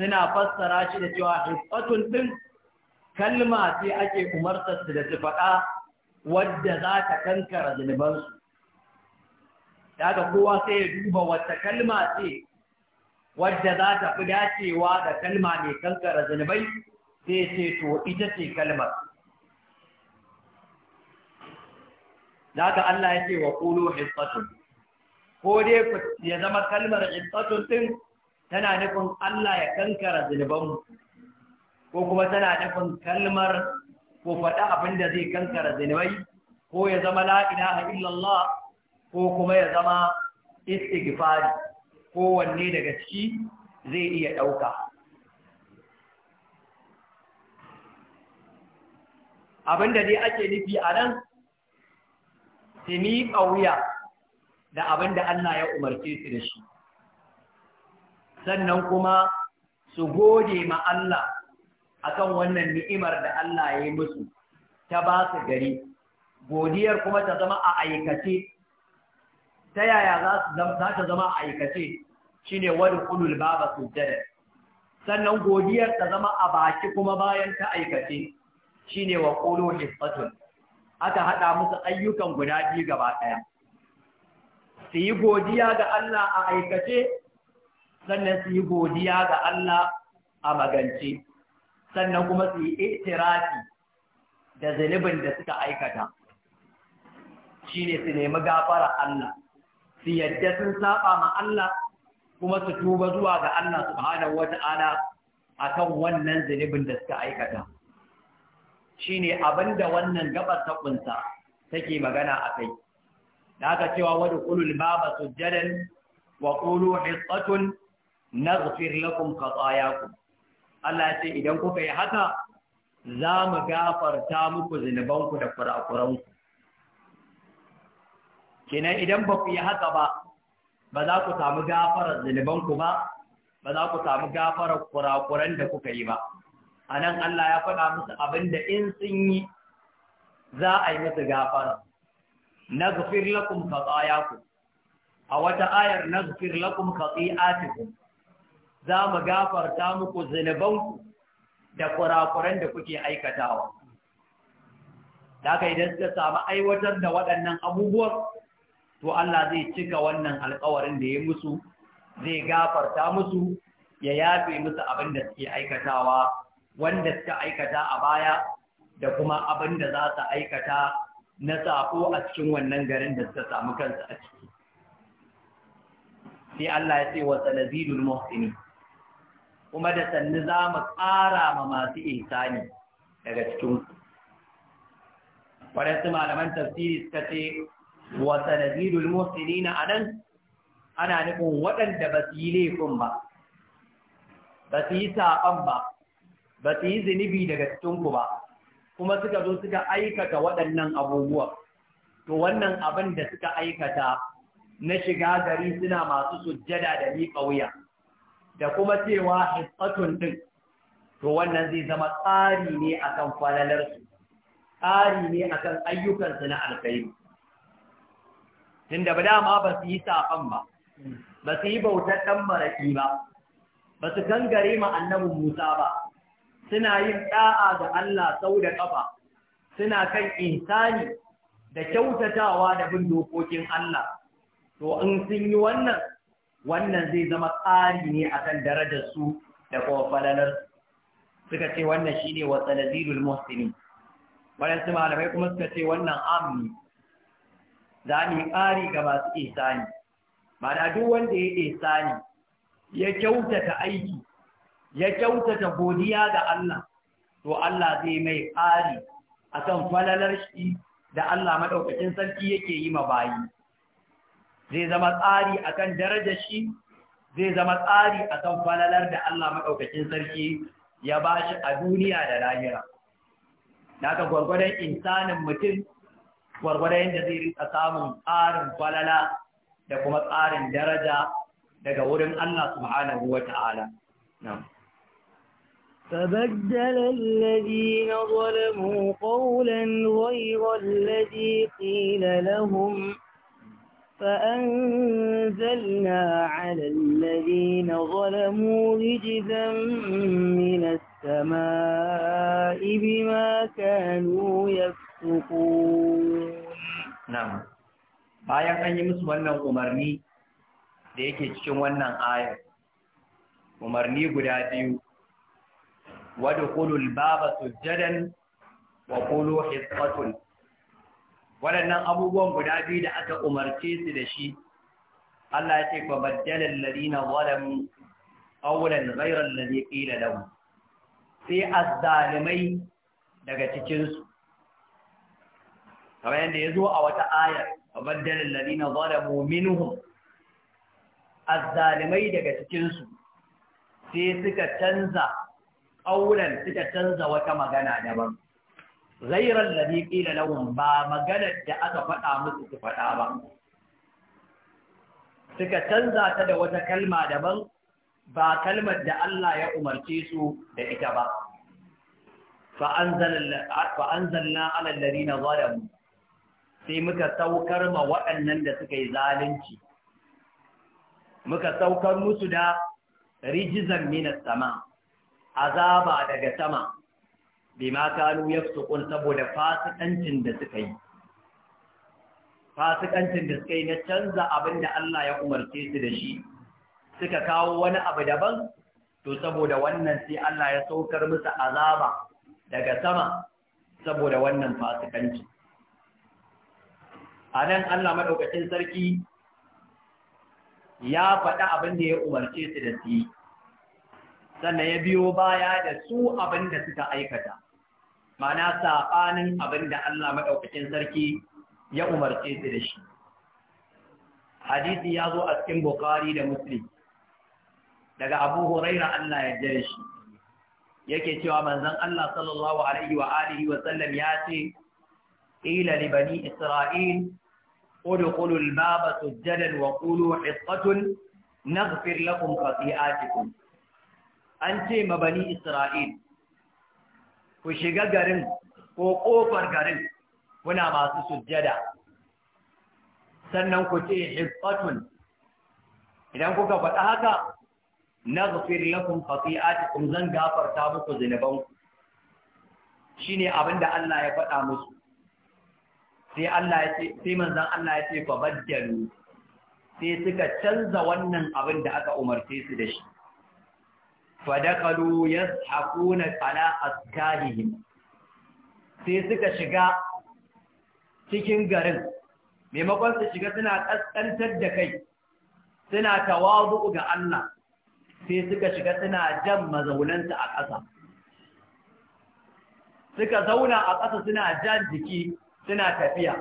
suna fassara shi da cewa hisatun din kalma sai ake umartar su da su faɗa wadda za ta kankara zunubansu. Daga kowa sai ya duba wata kalma ce wadda za ta fi dacewa da kalma mai kankara zunubai sai ce to ita ce kalmar. Zaka haka Allah ya ce wa qulu hissatun ko dai ya zama kalmar hissatun ɗin tana nufin Allah ya kankara zunubanmu ko kuma tana nufin kalmar ko faɗa abin zai kankara zunubai ko ya zama la'ina a illallah ko kuma ya zama istighfari wanne daga ciki zai iya ɗauka. Abin da dai ake nufi a nan su miƙa wuya da abin da Allah ya umarce su da shi sannan kuma su gode ma Allah akan wannan ni'imar da Allah ya yi musu ta ba su gari godiyar kuma ta zama a aikace ta yaya za ta zama a aikace shine wani kulul baba sujjada sannan godiyar ta zama a baki kuma bayan ta aikace shine wa qulu hisbatun aka haɗa musu ayyukan guda biyu gaba ɗaya su yi godiya ga Allah a aikace sannan su yi godiya ga Allah a magance sannan kuma su yi itirafi da zunubin da suka aikata shi ne su nemi gafara Allah su yadda sun saba ma Allah kuma su tuba zuwa ga Allah subhanahu a kan wannan zunubin da suka aikata shine abinda wannan gabar ta kunsa take magana a kai da aka cewa wadda kulul baba sujjadan wa qulu hisatun naghfir lakum khatayakum Allah ya ce idan kuka yi haka za mu gafarta muku zunubanku da kurakuranku kenan idan ba ku yi haka ba ba za ku samu gafarar zunubanku ba ba za ku samu gafarar kurakuran da kuka yi ba a nan Allah ya faɗa musu abin da in sun yi za a yi musu gafara. Na gafir lakum ku. a wata ayar na gafir lakum atiku, za mu gafarta muku zunubanku da kurakuran da kuke aikatawa. Da yi idan suka samu aiwatar da waɗannan abubuwan, to Allah zai cika wannan alkawarin da ya musu, zai gafarta musu, ya yafe musu abin da suke aikatawa wanda suka aikata a baya da kuma abin da za su aikata na sako a cikin wannan garin da suka samu kansu a ciki sai Allah ya ce wa sanazidul muhsini kuma da sannu za mu ƙara ma masu ihsani daga cikin waɗansu malaman tafsiri suka ce wa sanazidul muhsini na anan ana nufin waɗanda ba su yi laifin ba ba su yi saƙon ba ba su yi zunubi daga cikinku ba kuma suka zo suka aikata waɗannan abubuwa to wannan abin da suka aikata na shiga gari suna masu sujjada da ni wuya da kuma cewa hisatun ɗin, to wannan zai zama tsari ne akan falalarsu tsari ne akan ayyukansu na alkhairi tunda ba dama ba su yi safan ba ba su yi bautar ɗan maraƙi ba ba su ma annabin musa ba suna yin ɗa'a da Allah sau da ƙafa, suna kan insani da kyautatawa da bin dokokin Allah. To, in sun yi wannan, wannan zai zama tsari ne a kan darajarsu da kuma falalar suka ce wannan shi ne wa tsanazirul muhsinin. Waɗansu malamai kuma suka ce wannan amni za ni ƙari ga masu ihsani. Ma'ana duk wanda ya ihsani ya kyautata aiki ya kyautata godiya ga Allah to Allah zai mai ƙari kan falalar shi da Allah madaukakin sarki yake yi ma bayi zai zama tsari kan darajar shi zai zama tsari akan falalar da Allah madaukakin sarki ya ba shi a duniya da lahira naka gwargwadon insanin mutum gwargwadon yadda zai rinka samun tsarin falala da kuma tsarin daraja daga wurin Allah subhanahu wa ta'ala. فبدل الذين ظلموا قولا غير الذي قيل لهم فأنزلنا على الذين ظلموا رجزا من السماء بما كانوا يفسقون نعم bayan an yi musu wannan umarni da yake cikin wannan ayar umarni guda biyu wadkhulu al-baba sujadan wa qulu hisqatun waɗannan abubuwan guda biyu da aka umarce su da shi Allah ya ce fa baddala alladhina zalamu qawlan ghayra alladhi qila lahum sai azzalimai daga cikin su kamar yadda yazo a wata aya fa baddala alladhina zalamu minhum azzalimai daga cikin su sai suka canza ƙaunan suka canza wata magana daban ghairar ladhi qila lawan ba maganar da aka faɗa musu su faɗa ba suka canza ta da wata kalma daban ba kalmar da Allah ya umarce su da ita ba fa'anzalna alallari na zalamu sai muka saukar ma waɗannan da suka yi zalunci muka saukar musu da rijizan minas sama azaba daga sama ma kanu yafsukun saboda fasikancin da suka yi fasikancin da suka yi na canza abin da Allah ya umarce su da shi suka kawo wani abu daban to saboda wannan sai Allah ya saukar musu azaba daga sama saboda wannan fasikanci a nan Allah maɗaukacin sarki ya faɗa abin da ya umarce su da su yi sannan ya biyo baya da su abin da suka aikata mana saɓanin abin da Allah maɗaukakin sarki ya umarce su da shi hadisi ya zo a cikin Bukhari da muslim daga abu huraira Allah ya jere shi yake cewa manzon Allah sallallahu alaihi wa alihi wa sallam ya ce ila li bani isra'il udkhulu al-baba sujjadan wa qulu hiqqatun naghfir lakum khati'atikum an ce ma bani Isra'il, ku shiga garin ko ƙofar garin kuna masu sujjada, sannan ku ce hisbatun, idan kuka faɗa haka, na zafi fafi a cikin zan gafarta muku zunubanku. Shi ne abin da Allah ya faɗa musu. Sai Allah ya ce, sai manzan Allah ya ce, fa sai suka canza wannan abin da aka umarce su da shi. fadakalu yashakuna ala askahihim sai suka shiga cikin garin maimakon su shiga suna kaskantar da kai suna tawazu ga Allah sai suka shiga suna jan mazaunansu a ƙasa suka zauna a ƙasa suna jan jiki suna tafiya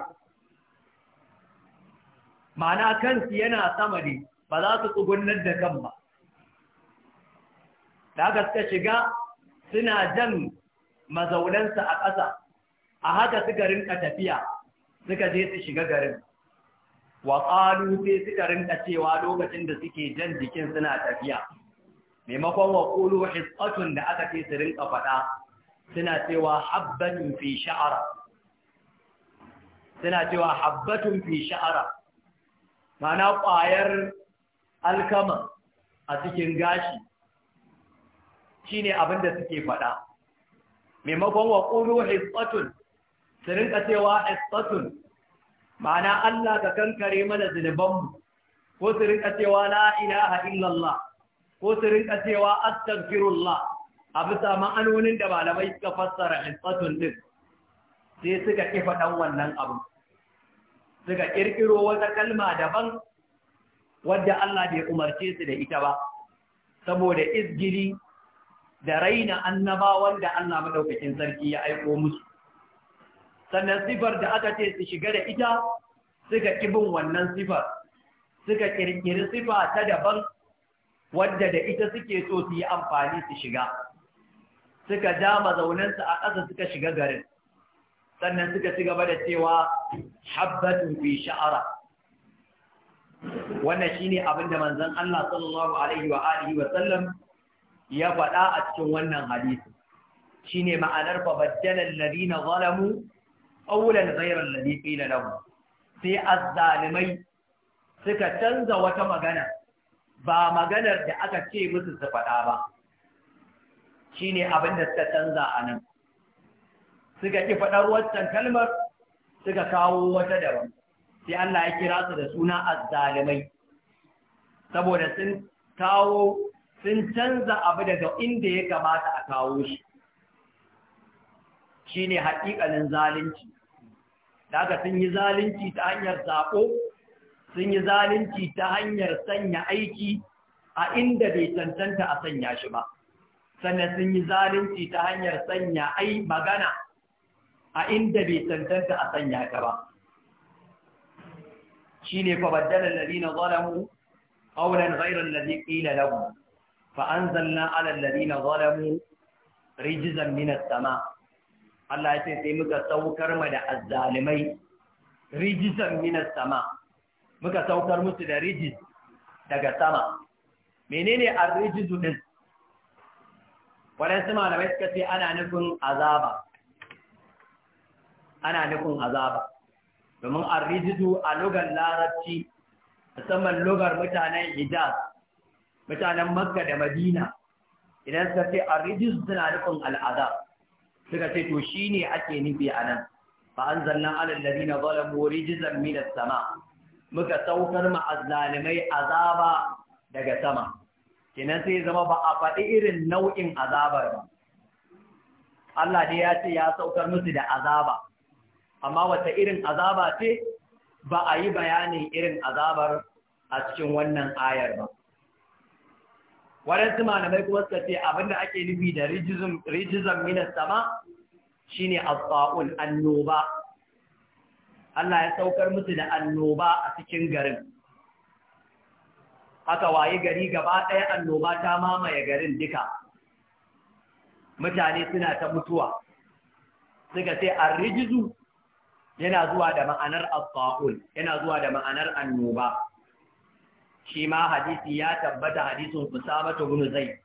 ma'ana kansu yana sama ne ba za su tsugunar da kan ba da haka suka shiga suna jan mazaunansa a ƙasa a haka suka rinka tafiya suka je su shiga garin wa ƙalu sai suka rinka cewa lokacin da suke jan jikin suna tafiya maimakon wa ƙulu da aka ce su rinka faɗa suna cewa habbatun fi sha'ara suna cewa habbatun fi sha'ara mana ƙwayar alkama a cikin gashi ne abin da suke faɗa maimakon wa ƙuru hisatun su ƙasewa cewa hisatun ma'ana Allah ka kankare mana zunubanmu ko su na cewa la illallah ko su rinka cewa firullah, a bisa ma'anonin da malamai suka fassara hisatun ɗin, sai suka ƙi faɗan wannan abu suka ƙirƙiro wata kalma daban wadda Allah bai umarce su da ita ba saboda izgili da raina annabawan da Allah maɗaukakin sarki ya aiko musu sannan sifar da aka ce su shiga da ita suka kibin wannan sifar suka ƙirƙiri sifa ta daban wadda da ita suke so su yi amfani su shiga suka dama mazaunansu a ƙasa suka shiga garin sannan suka ci gaba da cewa habbatun fi sha'ara wannan shine abin da manzan Allah sallallahu alaihi wa alihi wa sallam ya faɗa a cikin wannan hadisi shine ma'anar fa baddala alladhina zalamu qawlan ghayra alladhi qila lahum sai azzalimai suka canza wata magana ba maganar da aka ce musu su faɗa ba shine abin da suka canza a nan suka ƙi faɗar wancan kalmar suka kawo wata daban sai Allah ya kira su da suna azzalimai saboda sun kawo sun canza abu daga inda ya kamata a kawo shi shi ne haƙiƙanin zalunci daga sun yi zalunci ta hanyar zaɓo sun yi zalunci ta hanyar sanya aiki a inda bai cancanta a sanya shi ba sannan sun yi zalunci ta hanyar sanya ai magana a inda bai cancanta a sanya ta ba shi ne fa baddala lalina zalamu qawlan ghayra lalina qila fa'anzalna alallari na zolamu rijizan minas sama Allah ya ce sai muka saukar ma da azalimai rijizan minas sama muka saukar musu da rijiz daga sama menene a rijizu din waɗansu malamai suka ce ana nufin azaba ana nufin azaba domin a rijizu a lugar larabci musamman lugar mutanen hijaz mutanen makka da madina idan suka ce a rijis suna nufin al'ada suka ce to shi ne ake nufi a nan fa an zallan alal ladina zalamu rijizan min sama muka saukar ma azzalimai azaba daga sama kenan sai zama ba a faɗi irin nau'in azabar ba Allah dai ya ce ya saukar musu da azaba amma wata irin azaba ce ba a yi bayanin irin azabar a cikin wannan ayar ba waɗansu malamai kuma suka ce abinda ake nufi da rijizan minas sama shine abba'un annoba Allah ya saukar musu da annoba a cikin garin Haka waye gari gaba ɗaya annoba ta mamaye garin duka mutane suna ta mutuwa suka ce rijizu yana zuwa da ma'anar abba'un yana zuwa da ma'anar annoba shi ma hadisi ya tabbata hadisin Usama ibn Zaid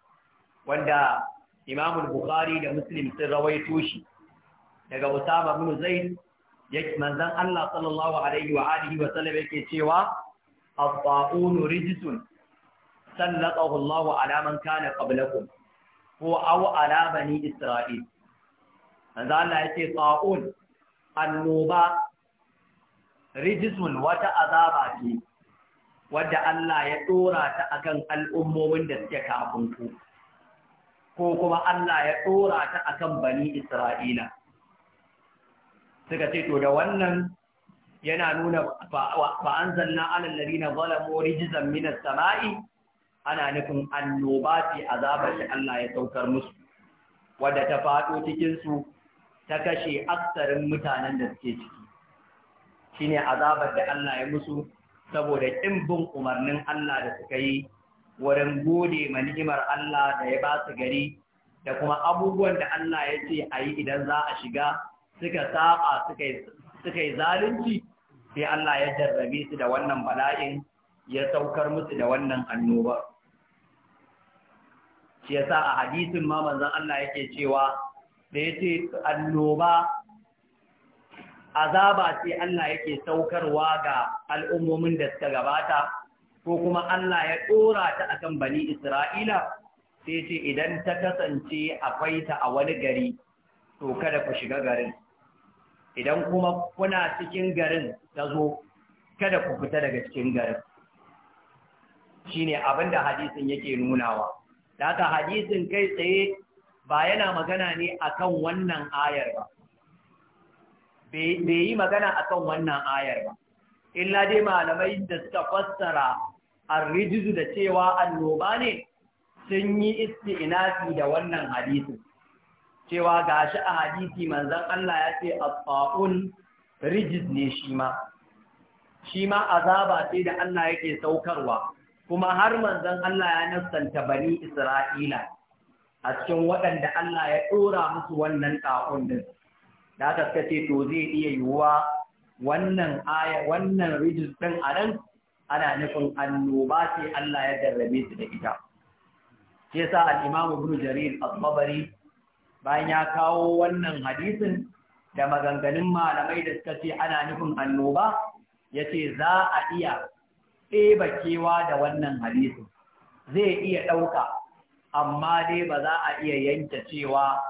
wanda Imam al Bukhari da Muslim sun rawaito shi daga Usama ibn Zaid yake manzon Allah sallallahu alaihi wa alihi wa sallam yake cewa at-ta'un rijsun sallatahu Allah ala man kana qablakum ko aw ala bani Isra'il manzon Allah yake ta'un annoba rijsun wata azaba ce wadda Allah ya ɗora ta akan al'ummomin da suke kafin ku, ko kuma Allah ya ɗora ta akan bani Isra'ila. Suka ce, To, da wannan yana nuna ba an zanna alallari na zalamo rijizan minas sama'i, ana nufin annoba ce azabar da Allah ya saukar musu, wadda ta faɗo cikinsu ta kashe aksarin mutanen da suke ciki. shine azabar da Allah ya musu saboda ƙin bin umarnin Allah da suka yi wurin gode ma ni'imar Allah da ya ba su gari da kuma abubuwan da Allah ya ce a yi idan za a shiga suka saba suka yi zalunci sai Allah ya jarrabe su da wannan bala'in ya saukar musu da wannan annoba. Shi yasa a hadisin ma manzon Allah yake cewa da ya ce annoba azaba ce Allah yake saukarwa ga al'ummomin da suka gabata ko kuma Allah ya ɗora ta akan bani Isra'ila sai ce idan ta kasance akwai ta a wani gari to kada ku shiga garin idan kuma kuna cikin garin ta zo kada ku fita daga cikin garin shine abinda hadisin yake nunawa da haka hadisin kai tsaye ba yana magana ne akan wannan ayar ba bai yi magana akan wannan ayar ba illa dai malamai da suka fassara arrijizu da cewa annoba ne sun yi isti'inafi da wannan hadisi cewa gashi a hadisi manzan Allah ya ce tsa'un rijiz ne shi ma shi ma azaba sai da Allah yake saukarwa kuma har manzan Allah ya nassanta bani Isra'ila a cikin waɗanda Allah ya ɗora musu wannan ɗa'un din da aka suka ce to zai iya yiwuwa wannan aya wannan rijis din a nan ana nufin annoba ce Allah ya jarrabe su da ita shi yasa al-Imam Jarir al-Tabari bayan ya kawo wannan hadisin da maganganun malamai da suka ce ana nufin annoba yace za a iya ɗeba kewa da wannan hadisin zai iya ɗauka amma dai ba za a iya yanke cewa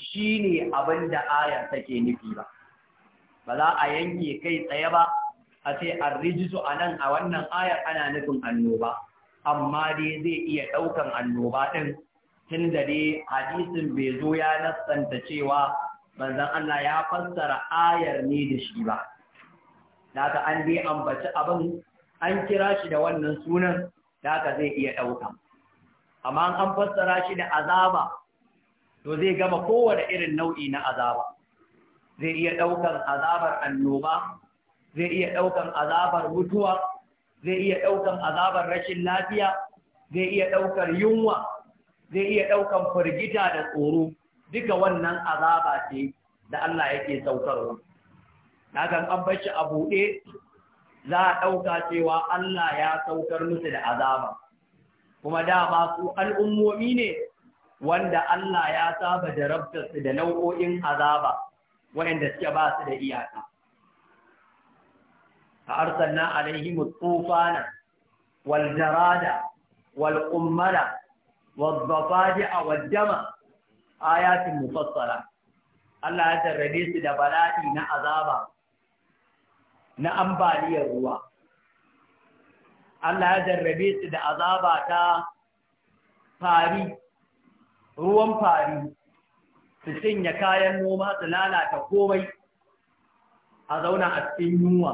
shi ne abin da ayar take nufi ba ba za a yanke kai tsaye ba a sai an rijisu a nan a wannan ayar ana nufin annoba amma dai zai iya ɗaukan annoba ɗin tun da dai hadisin bai zo ya nasanta cewa manzon Allah ya fassara ayar ne da shi ba daga an dai ambaci abin an kira shi da wannan sunan daga zai iya ɗauka amma an fassara shi da azaba to zai gama kowane irin nau'i na azaba zai iya ɗaukan azabar annoba zai iya ɗaukan azabar mutuwa zai iya ɗaukan azabar rashin lafiya zai iya ɗaukar yunwa zai iya ɗaukan firgita da tsoro duka wannan azaba ce da Allah yake saukarwa hakan an bashi a buɗe za a ɗauka cewa Allah ya saukar musu da azaba kuma dama su al'ummomi ne wanda Allah ya saba da da nau'o'in azaba waɗanda suke ba su da iyaka. A arsanna alaihim tufana wal jarada wal qummala wal zafadi'a a dama ayatin mufassala. Allah ya jarrabe su da bala'i na azaba na ambaliyar ruwa. Allah ya jarrabe su da azaba ta fari ruwan fari su cinye kayan noma su lalata komai a zauna a cikin yunwa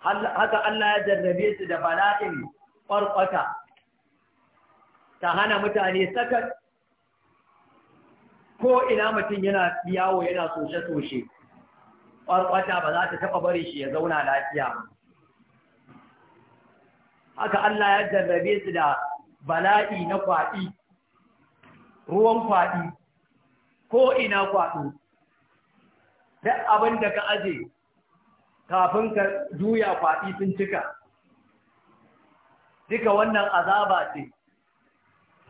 haka Allah ya jarrabe su da bala'in ƙwarƙwata ta hana mutane sakar ko ina mutum yana yawo yana soshe-soshe ƙwarƙwata ba za ta taɓa bari shi ya zauna lafiya haka Allah ya jarrabe su da bala'i na kwaɗi ruwan kwaɗi ko ina kwaɗo duk abin da ka aje kafin ka juya kwaɗi sun cika duka wannan azaba ce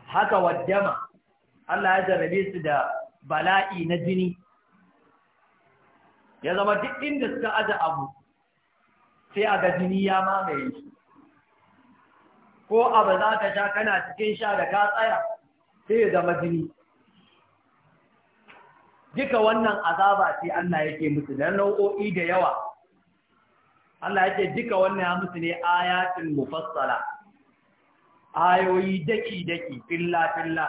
haka waddama Allah ya jarabe su da bala'i na jini ya zama duk inda suka aje abu sai a ga jini ya mamaye shi ko abu za ka sha kana cikin sha da ka tsaya sai ya zama jini duka wannan azaba ce Allah yake musu da nau'o'i da yawa Allah yake duka wannan ya musu ne ayatin mufassala ayoyi daki daki filla filla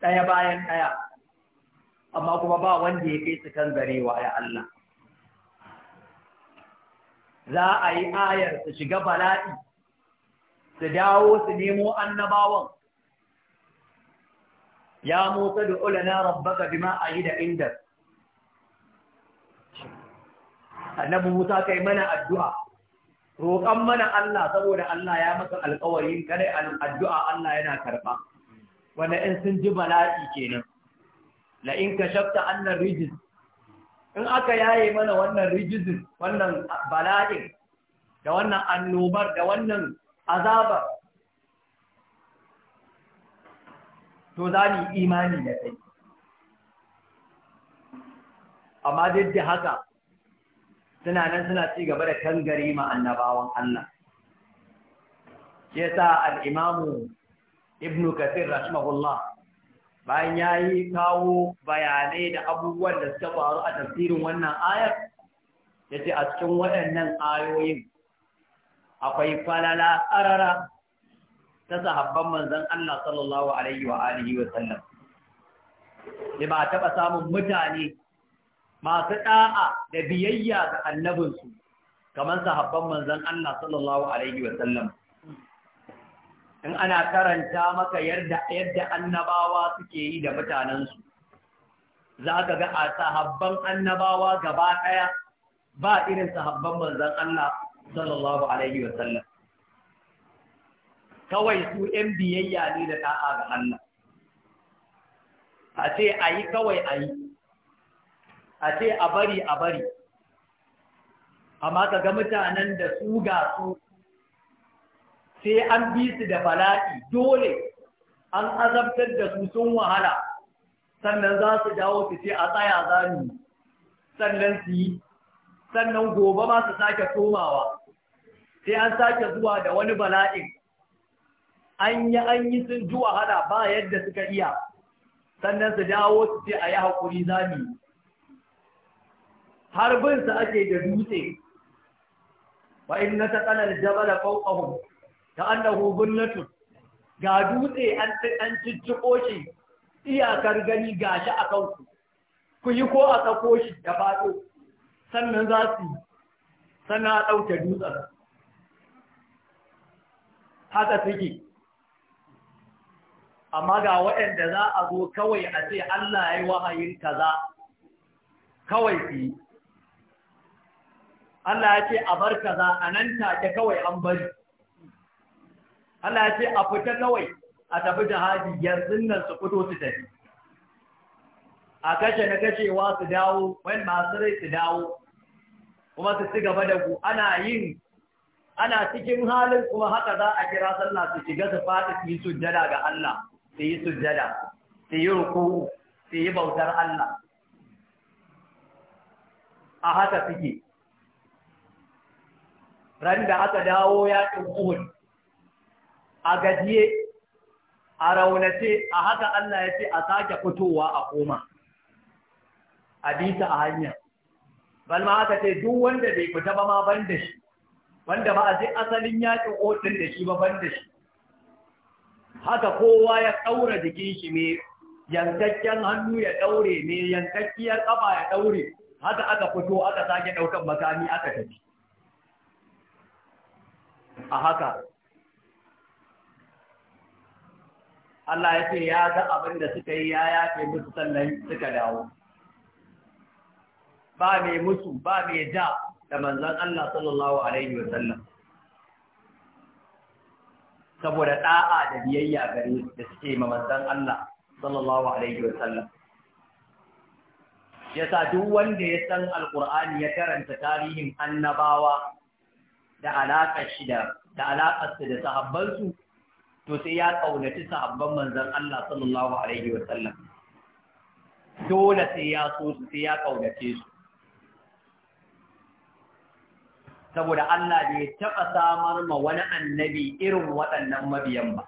daya bayan ɗaya. amma kuma ba wanda ya kai su kan zarewa ya Allah za a yi ayar su shiga bala'i su dawo su nemo annabawan ya musa da ulana rabbaka bima a yi da inda annabi musa kai mana addu'a roƙon mana Allah saboda Allah ya maka alƙawarin kare addu'a Allah yana karɓa wanda in sun ji kenan la in annan rijis in aka yaye mana wannan rijisin wannan bala'in da wannan annobar da wannan azabar to za mu yi imani da kai amma duk da haka suna nan suna ci gaba da kangare ma annabawan Allah yasa al-imamu ibnu kathir rahimahullah bayan ya yi kawo bayanai da abubuwan da suka faru a tafsirin wannan ayar ya ce a cikin waɗannan ayoyin akwai falala ƙarara ta sahabban manzan Allah sallallahu alaihi wa alihi wa sallam ne ba taɓa samun mutane masu ɗa'a da biyayya ga annabinsu kamar sahabban manzan Allah sallallahu alaihi wa sallam in ana karanta maka yadda yadda annabawa suke yi da mutanensu za ka ga a sahabban annabawa gaba ɗaya ba irin sahabban manzan Allah sallallahu alaihi wa sallam kawai su ‘yan biyayya ne da ta'a ga Allah. A ce a yi kawai a yi, a ce a bari a bari, amma ka ga mutanen da su ga su sai an bi su da bala'i dole an azabtar da su sun wahala sannan za su dawo su ce a tsaya zani sannan su yi sannan gobe ma su sake komawa sai an sake zuwa da wani bala'in an yi an yi sun juwa hada ba yadda suka iya sannan su dawo su ce a yi haƙuri zami har bin su ake da dutse wa in na taƙanar jabala fauƙahun ta annahu gunnatun ga dutse an cicciko shi iyakar gani ga shi a kansu ku yi ko a tsako shi da faɗo sannan za su sannan a ɗauke dutsen haka suke amma ga waɗanda za a zo kawai a ce Allah ya yi wahayin kaza kawai fi Allah ya ce a bar kaza a nan take kawai an bari Allah ya ce a fita kawai a tafi jihadi yanzu nan su fito su tafi a kashe na kashewa su dawo wani masu rai su dawo kuma su ci gaba da ku ana yin ana cikin halin kuma haka za a kira sallah su shiga su fata su yi ga Allah su yi sujjada su yi ruku su yi bautar Allah a haka suke ran da aka dawo yaƙin Uhud a gajiye a raunace a haka Allah ya ce a sake fitowa a koma a bisa a hanya balma aka ce duk wanda bai fita ba ma ban da shi wanda ba a je asalin yaƙin Uhud da shi ba ban da shi haka kowa ya ɗaura jikin shi ne yankakken hannu ya ɗaure ne yankakkiyar ƙafa ya ɗaure haka aka fito aka sake ɗaukan makami aka tafi a haka Allah ya ce ya ga abin da suka yi ya yafe musu sannan suka dawo ba mai musu ba mai da da manzan Allah sallallahu Alaihi wasallam saboda ɗa'a da biyayya gare da suke ma manzon Allah sallallahu alaihi wasallam yasa duk wanda ya san alqur'ani ya karanta tarihin annabawa da alaƙar shi da alaƙar su da sahabbansu, to sai ya kaunaci sahabban manzon Allah sallallahu alaihi wasallam dole sai ya so su sai ya ƙaunace su saboda Allah ya taɓa samar ma wani annabi irin waɗannan mabiyan ba.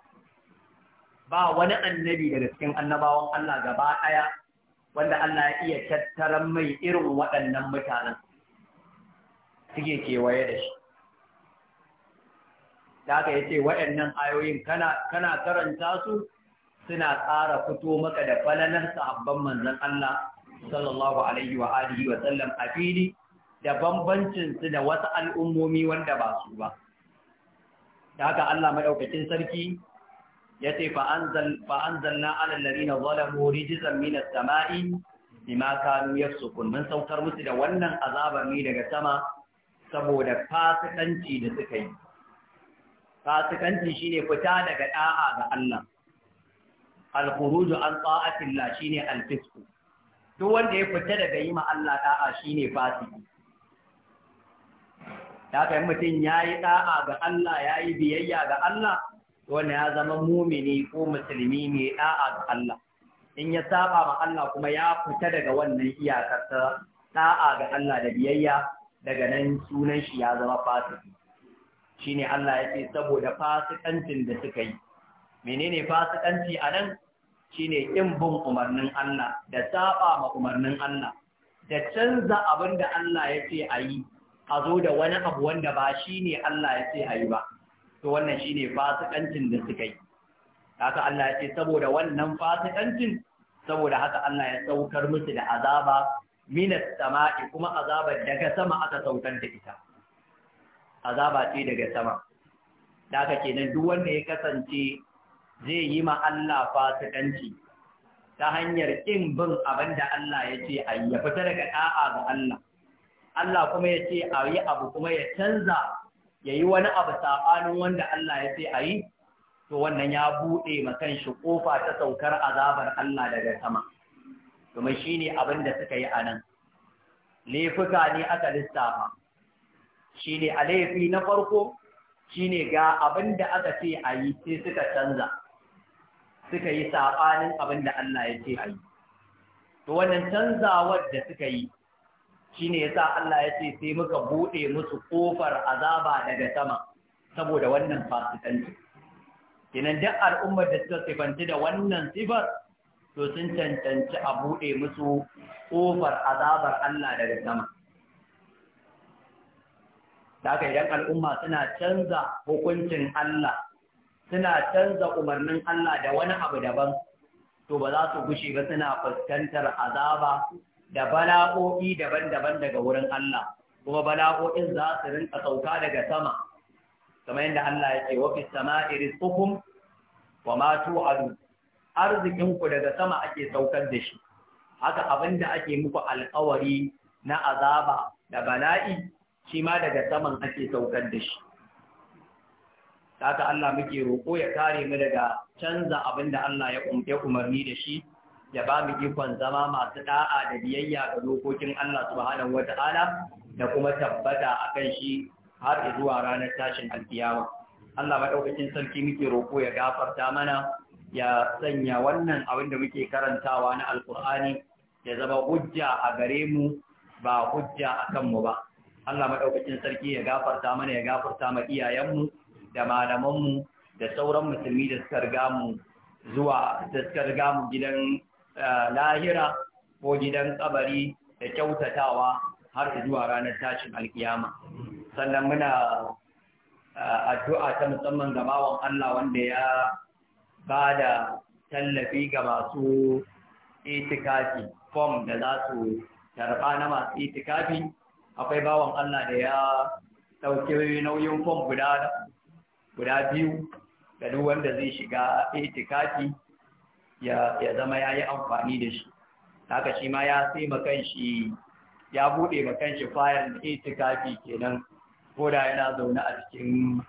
Ba wani annabi daga cikin annabawan Allah gaba ɗaya wanda Allah ya iya tattaran mai irin waɗannan mutanen suke kewaye da shi. Da aka yi ce waɗannan ayoyin kana karanta su suna ƙara fito maka da falalar sahabban manzan Allah sallallahu alaihi wa alihi wa sallam a fili da bambancinsu da wasu al'ummomi wanda ba su ba. Da haka Allah maɗaukacin sarki ya ce fa'an zanna alallari na rijizan minas sama'i bima kanu ya sukun mun saukar musu da wannan azabar ni daga sama saboda fasikanci da suka yi. Fasikanci shi ne fita daga ɗa'a ga Allah. Alkuruju an tsa'atin la shi ne alfisku. Duk wanda ya fita daga yi ma Allah ɗa'a shi ne fasiki. ta kai mutum ya yi ɗa'a ga Allah ya yi biyayya ga Allah wanda ya zama mumini ko musulmi mai ɗa'a ga Allah in ya saba ma Allah kuma ya fita daga wannan iyakar ta ɗa'a ga Allah da biyayya daga nan sunan shi ya zama fasiki shine Allah ya ce saboda fasikancin da suka yi menene fasikanci a nan shine ƙin bin umarnin Allah da saba ma umarnin Allah da canza abin da Allah ya ce a yi a zo da wani abu wanda ba shi ne Allah ya ce a yi ba, to wannan shi ne fasikancin da suka yi. Haka Allah ya ce, saboda wannan fasikancin, saboda haka Allah ya saukar musu da azaba minas sama'i kuma azabar daga sama aka saukar da ita. Azaba ce daga sama. Da haka kenan duk wanda ya kasance zai yi ma Allah fasikanci ta hanyar ƙin bin abin da Allah ya ce a yi ya fita daga ɗa'a ga Allah. Allah kuma ya ce a yi abu kuma ya canza ya yi wani abu saɓanin wanda Allah ya ce a yi, to wannan ya buɗe makan shi ƙofa ta saukar azabar Allah daga sama. Domin shi ne abin da suka yi a nan. Laifuka ne aka lissafa. Shi ne a laifi na farko, shi ne ga abin da aka ce a yi sai suka canza. Suka yi saɓanin abin da Allah ya ce a yi. To wannan canzawar da suka yi, shine yasa Allah ya ce sai muka buɗe musu ƙofar azaba daga sama saboda wannan fasikanci kinan duk al'ummar da suka sifanci da wannan sifar to sun cancanci a buɗe musu ƙofar azabar Allah daga sama da haka idan al'umma suna canza hukuncin Allah suna canza umarnin Allah da wani abu daban to ba za su gushe ba suna fuskantar azaba da bala'o'i daban-daban daga wurin Allah kuma bala'o'in za su rinka sauka daga sama kamar yadda Allah ya ce wa fi sama'i rizqukum wa ma tu'adu arzikin daga sama ake saukar da shi haka abinda ake muku alƙawari na azaba da bala'i shi ma daga saman ake saukar da shi ta Allah muke roƙo ya kare mu daga canza abin da Allah ya umarni da shi ya ba mu ikon zama masu da'a da biyayya ga dokokin Allah subhanahu wata'ala da kuma tabbata akan shi har zuwa ranar tashin alkiyama Allah madaukakin sarki muke roƙo, ya gafarta mana ya sanya wannan abin da muke karantawa na alkur'ani ya zama hujja a gare mu ba hujja a kanmu ba Allah madaukakin sarki ya gafarta mana ya gafarta ma iyayenmu da malamanmu da sauran musulmi da suka riga mu zuwa da suka riga mu gidan Eh, lahira ko gidan kabari da kyautatawa har zuwa ranar tashin alkiyama sannan muna eh, addu'a ta musamman ga bawan Allah wanda ya ba da tallafi ga masu itikafi form da za su tarba na masu itikafi akwai bawan Allah da ya ɗauki nauyin form guda biyu da duk wanda zai shiga itikafi ya zama ya yi amfani da shi haka shi ma ya sai makan shi ya buɗe makan shi fayar da itikafi kenan ko yana zaune a cikin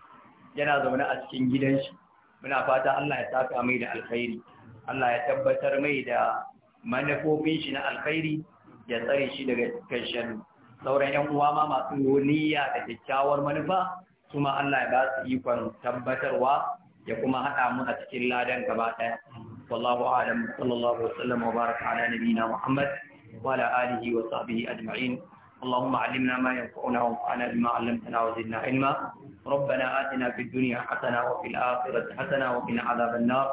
yana zaune a cikin gidan shi muna fata Allah ya saka mai da alkhairi Allah ya tabbatar mai da manufofin shi na alkhairi ya tsare shi daga kashen sauran yan uwa ma masu niyya da kyakkyawar manufa kuma Allah ya ba su ikon tabbatarwa ya kuma haɗa mu a cikin ladan gaba ɗaya والله أعلم صلى الله وسلم وبارك على نبينا محمد وعلى آله وصحبه أجمعين اللهم علمنا ما ينفعنا وانفعنا بما علمتنا وزدنا علما ربنا آتنا في الدنيا حسنة وفي الآخرة حسنة وقنا عذاب النار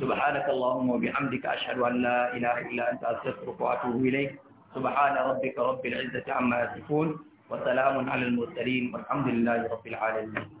سبحانك اللهم وبحمدك أشهد أن لا إله إلا أنت أستغفرك وأتوب إليك سبحان ربك رب العزة عما يصفون وسلام على المرسلين والحمد لله رب العالمين